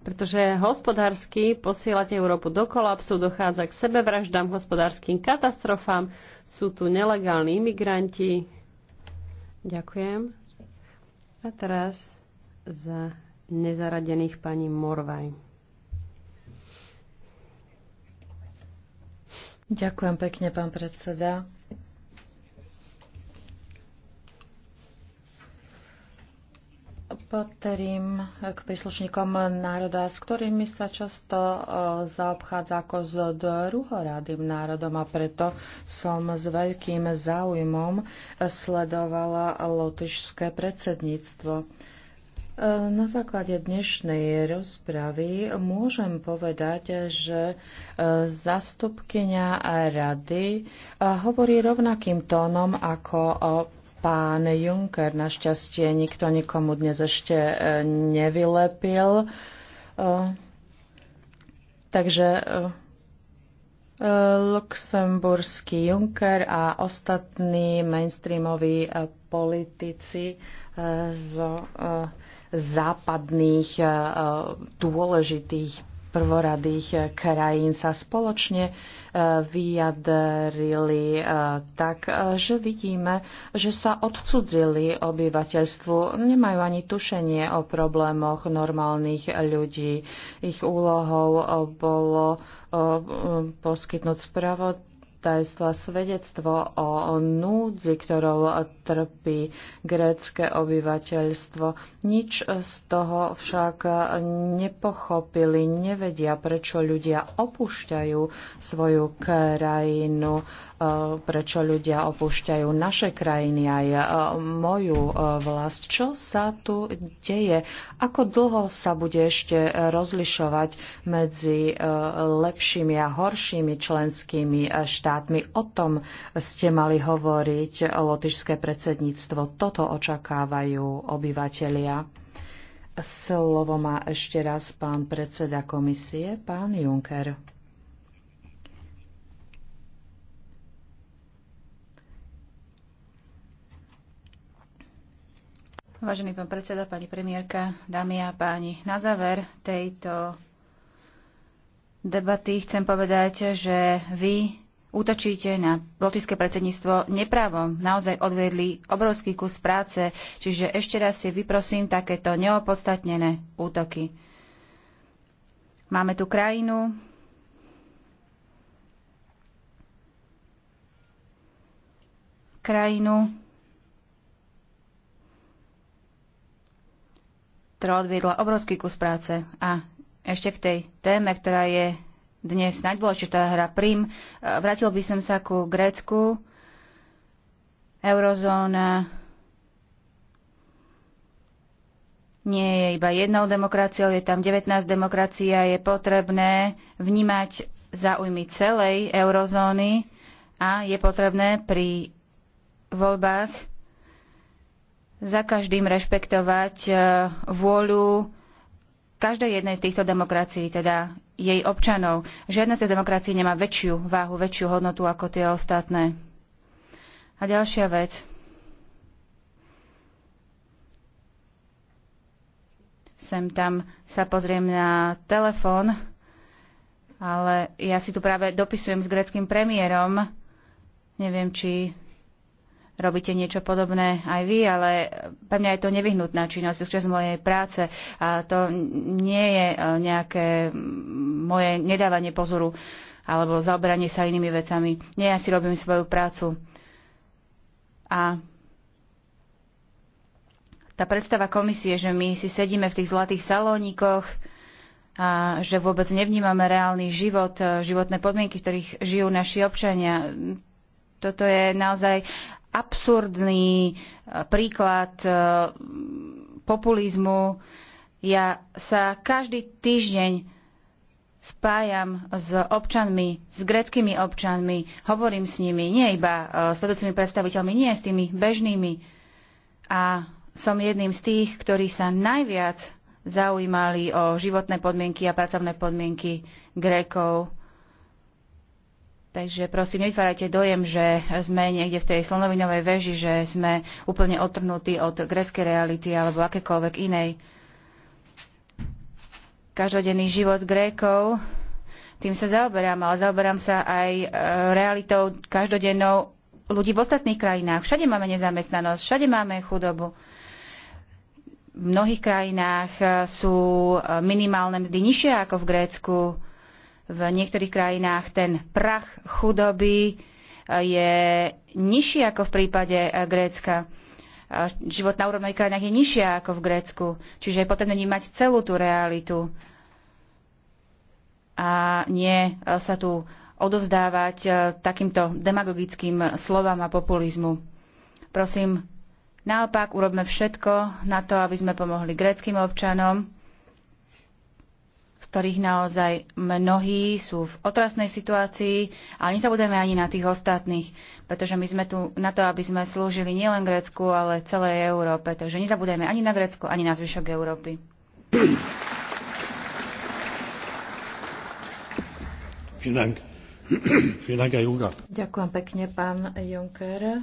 pretože hospodársky posielate Európu do kolapsu, dochádza k sebevraždám, hospodárskym katastrofám, sú tu nelegálni imigranti. Ďakujem. A teraz za nezaradených pani Morvaj. Ďakujem pekne, pán predseda. patrím k príslušníkom národa, s ktorými sa často e, zaobchádza ako s druhoradým národom a preto som s veľkým záujmom e, sledovala lotyšské predsedníctvo. E, na základe dnešnej rozpravy môžem povedať, že zastupkynia rady hovorí rovnakým tónom ako pán Juncker. Našťastie nikto nikomu dnes ešte e, nevylepil. E, takže e, luxemburský Juncker a ostatní mainstreamoví politici z západných dôležitých prvoradých eh, krajín sa spoločne eh, vyjadrili eh, tak, že vidíme, že sa odcudzili obyvateľstvu, nemajú ani tušenie o problémoch normálnych ľudí. Ich úlohou bolo poskytnúť spravodlivosť tajstva svedectvo o núdzi, ktorou trpí grécke obyvateľstvo. Nič z toho však nepochopili, nevedia, prečo ľudia opúšťajú svoju krajinu, e, prečo ľudia opúšťajú naše krajiny aj e, moju e, vlast. Čo sa tu deje? Ako dlho sa bude ešte rozlišovať medzi lepšími a horšími členskými štátmi? štátmi. O tom ste mali hovoriť lotyšské predsedníctvo. Toto očakávajú obyvatelia. Slovo má ešte raz pán predseda komisie, pán Juncker. Vážený pán predseda, pani premiérka, dámy a páni, na záver tejto debaty chcem povedať, že vy útočíte na lotišské predsedníctvo neprávom. Naozaj odvedli obrovský kus práce, čiže ešte raz si vyprosím takéto neopodstatnené útoky. Máme tu krajinu, krajinu, ktorá odviedla obrovský kus práce. A ešte k tej téme, ktorá je dnes najdôležitá hra Prím. Vrátil by som sa ku Grécku. Eurozóna nie je iba jednou demokraciou, je tam 19 a je potrebné vnímať záujmy celej eurozóny a je potrebné pri voľbách za každým rešpektovať eh, vôľu každej jednej z týchto demokracií, teda jej občanov. Žiadna z demokracií nemá väčšiu váhu, väčšiu hodnotu ako tie ostatné. A ďalšia vec. Sem tam sa pozriem na telefón, ale ja si tu práve dopisujem s greckým premiérom. Neviem, či robíte niečo podobné aj vy, ale pre mňa je to nevyhnutná činnosť, súčasť mojej práce a to nie je e, nejaké moje nedávanie pozoru alebo zaoberanie sa inými vecami. Nie, ja si robím svoju prácu. A tá predstava komisie, že my si sedíme v tých zlatých salónikoch, a že vôbec nevnímame reálny život, e, životné podmienky, v ktorých žijú naši občania. Toto je naozaj absurdný eh, príklad eh, populizmu. Ja sa každý týždeň spájam s občanmi, s greckými občanmi, hovorím s nimi, nie iba eh, s vedúcimi predstaviteľmi, nie s tými bežnými. A som jedným z tých, ktorí sa najviac zaujímali o životné podmienky a pracovné podmienky Grékov Takže prosím, nevytvárajte dojem, že sme niekde v tej slonovinovej veži, že sme úplne otrhnutí od greckej reality alebo akékoľvek inej. Každodenný život Grékov, tým sa zaoberám, ale zaoberám sa aj e, realitou každodennou ľudí v ostatných krajinách. Všade máme nezamestnanosť, všade máme chudobu. V mnohých krajinách e, sú e, minimálne mzdy nižšie ako v Grécku v niektorých krajinách ten prach chudoby e, je nižší ako v prípade e, Grécka. E, život na úrovnej krajinách je nižšia ako v Grécku. Čiže je potrebné vnímať celú tú realitu a nie sa tu odovzdávať takýmto demagogickým slovám a populizmu. Prosím, naopak urobme všetko na to, aby sme pomohli gréckým občanom, ktorých naozaj mnohí sú v otrasnej situácii a nezabudeme ani na tých ostatných, pretože my sme tu na to, aby sme slúžili nielen Grécku, ale celej Európe. Takže nezabudeme ani na Grécku, ani na zvyšok Európy. Ďakujem pekne, pán Juncker.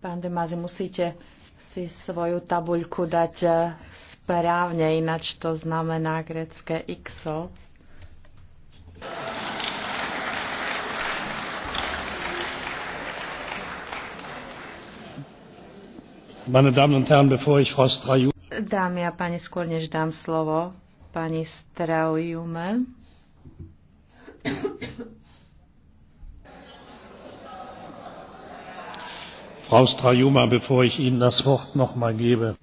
Pán Demáze, musíte si svoju tabuľku dať eh, správne, ináč to znamená grecké X. Meine Damen und Herren, bevor ich Frau Dámy a pani, skôr než dám slovo pani Straujume, frau straujuma bevor ich ihnen das wort noch einmal gebe.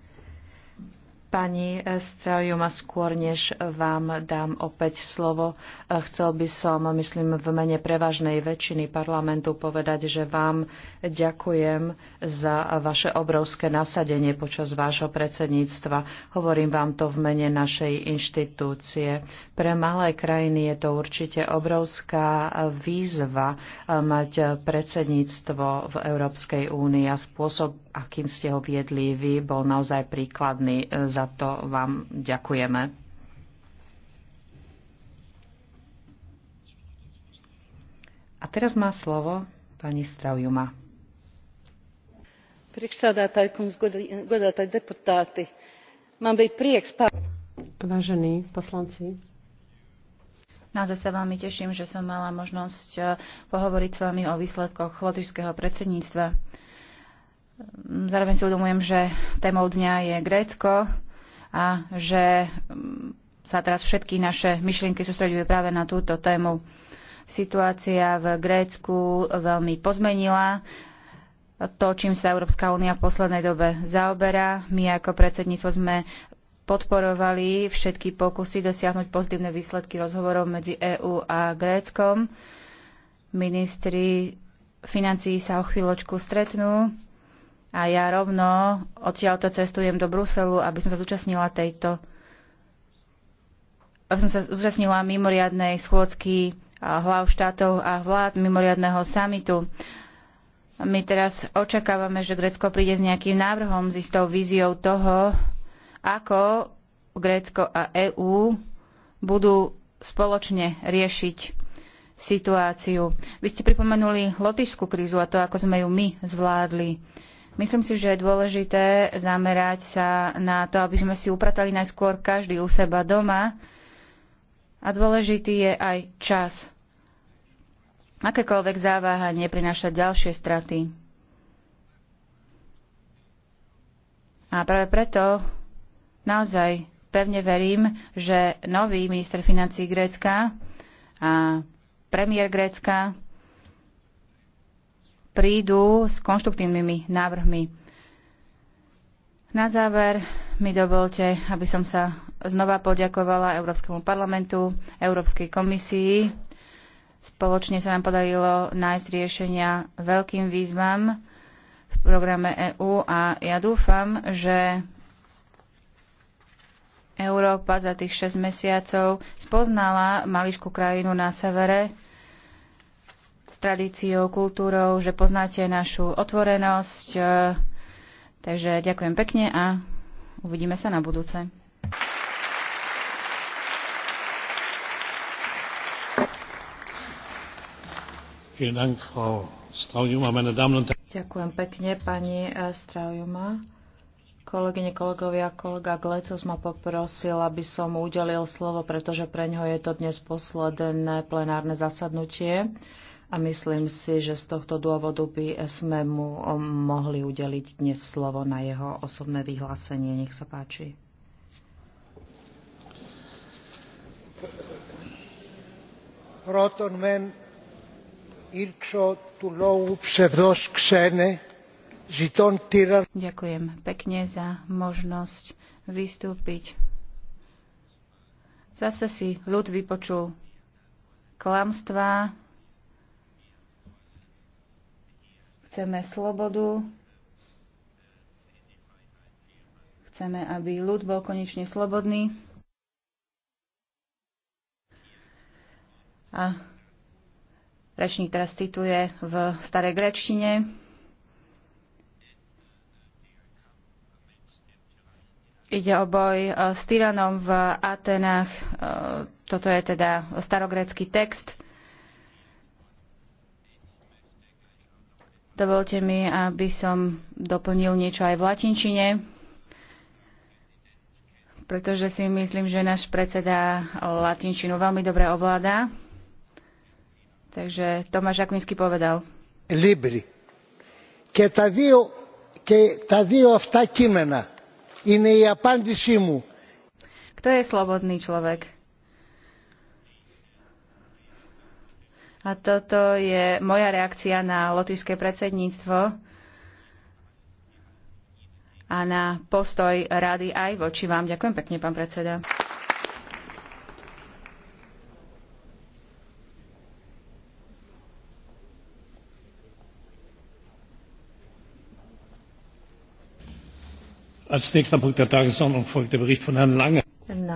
Pani Strajuma, skôr než vám dám opäť slovo, eh, chcel by som, myslím, v mene prevažnej väčšiny parlamentu povedať, že vám ďakujem za vaše obrovské nasadenie počas vášho predsedníctva. Hovorím vám to v mene našej inštitúcie. Pre malé krajiny je to určite obrovská výzva eh, mať predsedníctvo v Európskej únii a spôsob, akým ste ho viedli vy, bol naozaj príkladný eh, za za to vám ďakujeme. A teraz má slovo pani Straujuma. Vážení poslanci, Naozaj sa veľmi teším, že som mala možnosť eh, pohovoriť s vami o výsledkoch lotyšského predsedníctva. Zároveň si uvedomujem, že témou dňa je Grécko a že mm, sa teraz všetky naše myšlienky sústredujú práve na túto tému. Situácia v Grécku veľmi pozmenila to, čím sa Európska únia v poslednej dobe zaoberá. My ako predsedníctvo sme podporovali všetky pokusy dosiahnuť pozitívne výsledky rozhovorov medzi EÚ a Gréckom. Ministri financií sa o chvíľočku stretnú a ja rovno odtiaľto cestujem do Bruselu, aby som sa zúčastnila tejto aby som sa zúčastnila mimoriadnej schôdzky hlav štátov a vlád mimoriadného samitu. My teraz očakávame, že Grécko príde s nejakým návrhom, s istou víziou toho, ako Grécko a EÚ budú spoločne riešiť situáciu. Vy ste pripomenuli lotišskú krízu a to, ako sme ju my zvládli Myslím si, že je dôležité zamerať sa na to, aby sme si upratali najskôr každý u seba doma. A dôležitý je aj čas. Akékoľvek zaváhanie prináša ďalšie straty. A práve preto naozaj pevne verím, že nový minister financí Grécka a premiér Grécka prídu s konštruktívnymi návrhmi. Na záver mi dovolte, aby som sa znova poďakovala Európskemu parlamentu, Európskej komisii. Spoločne sa nám podarilo nájsť riešenia veľkým výzvam v programe EÚ a ja dúfam, že Európa za tých 6 mesiacov spoznala maličkú krajinu na severe, s tradíciou, kultúrou, že poznáte našu otvorenosť. E, takže ďakujem pekne a uvidíme sa na budúce. Ďakujem pekne, pani e, Straujuma. Kolegyne, kolegovia, kolega Glecos ma poprosil, aby som udelil slovo, pretože pre ňo je to dnes posledné plenárne zasadnutie a myslím si, že z tohto dôvodu by sme mu mohli udeliť dnes slovo na jeho osobné vyhlásenie. Nech sa páči. Πρώτον μεν ήρξω του λόγου ψευδός ξένε ζητών τύραν... Ďakujem pekne za možnosť vystúpiť. Zase si ľud vypočul klamstvá, Chceme slobodu, chceme, aby ľud bol konečne slobodný. A rečník teraz cituje v starej grečtine. Ide o boj e, s tyranom v Atenách. E, toto je teda starogrecký text. Dovolte mi, aby som doplnil niečo aj v latinčine, pretože si myslím, že náš predseda latinčinu veľmi dobre ovláda. Takže Tomáš Akvinsky povedal. Libri. Ke ta dio, ke ta dio αυτά kimena. Ine η Kto je slobodný človek? A toto je moja reakcia na lotyšské predsedníctvo a na postoj rady aj voči vám. Ďakujem pekne, pán predseda. als nächster punkt der tagesordnung folgt der bericht von herrn lange.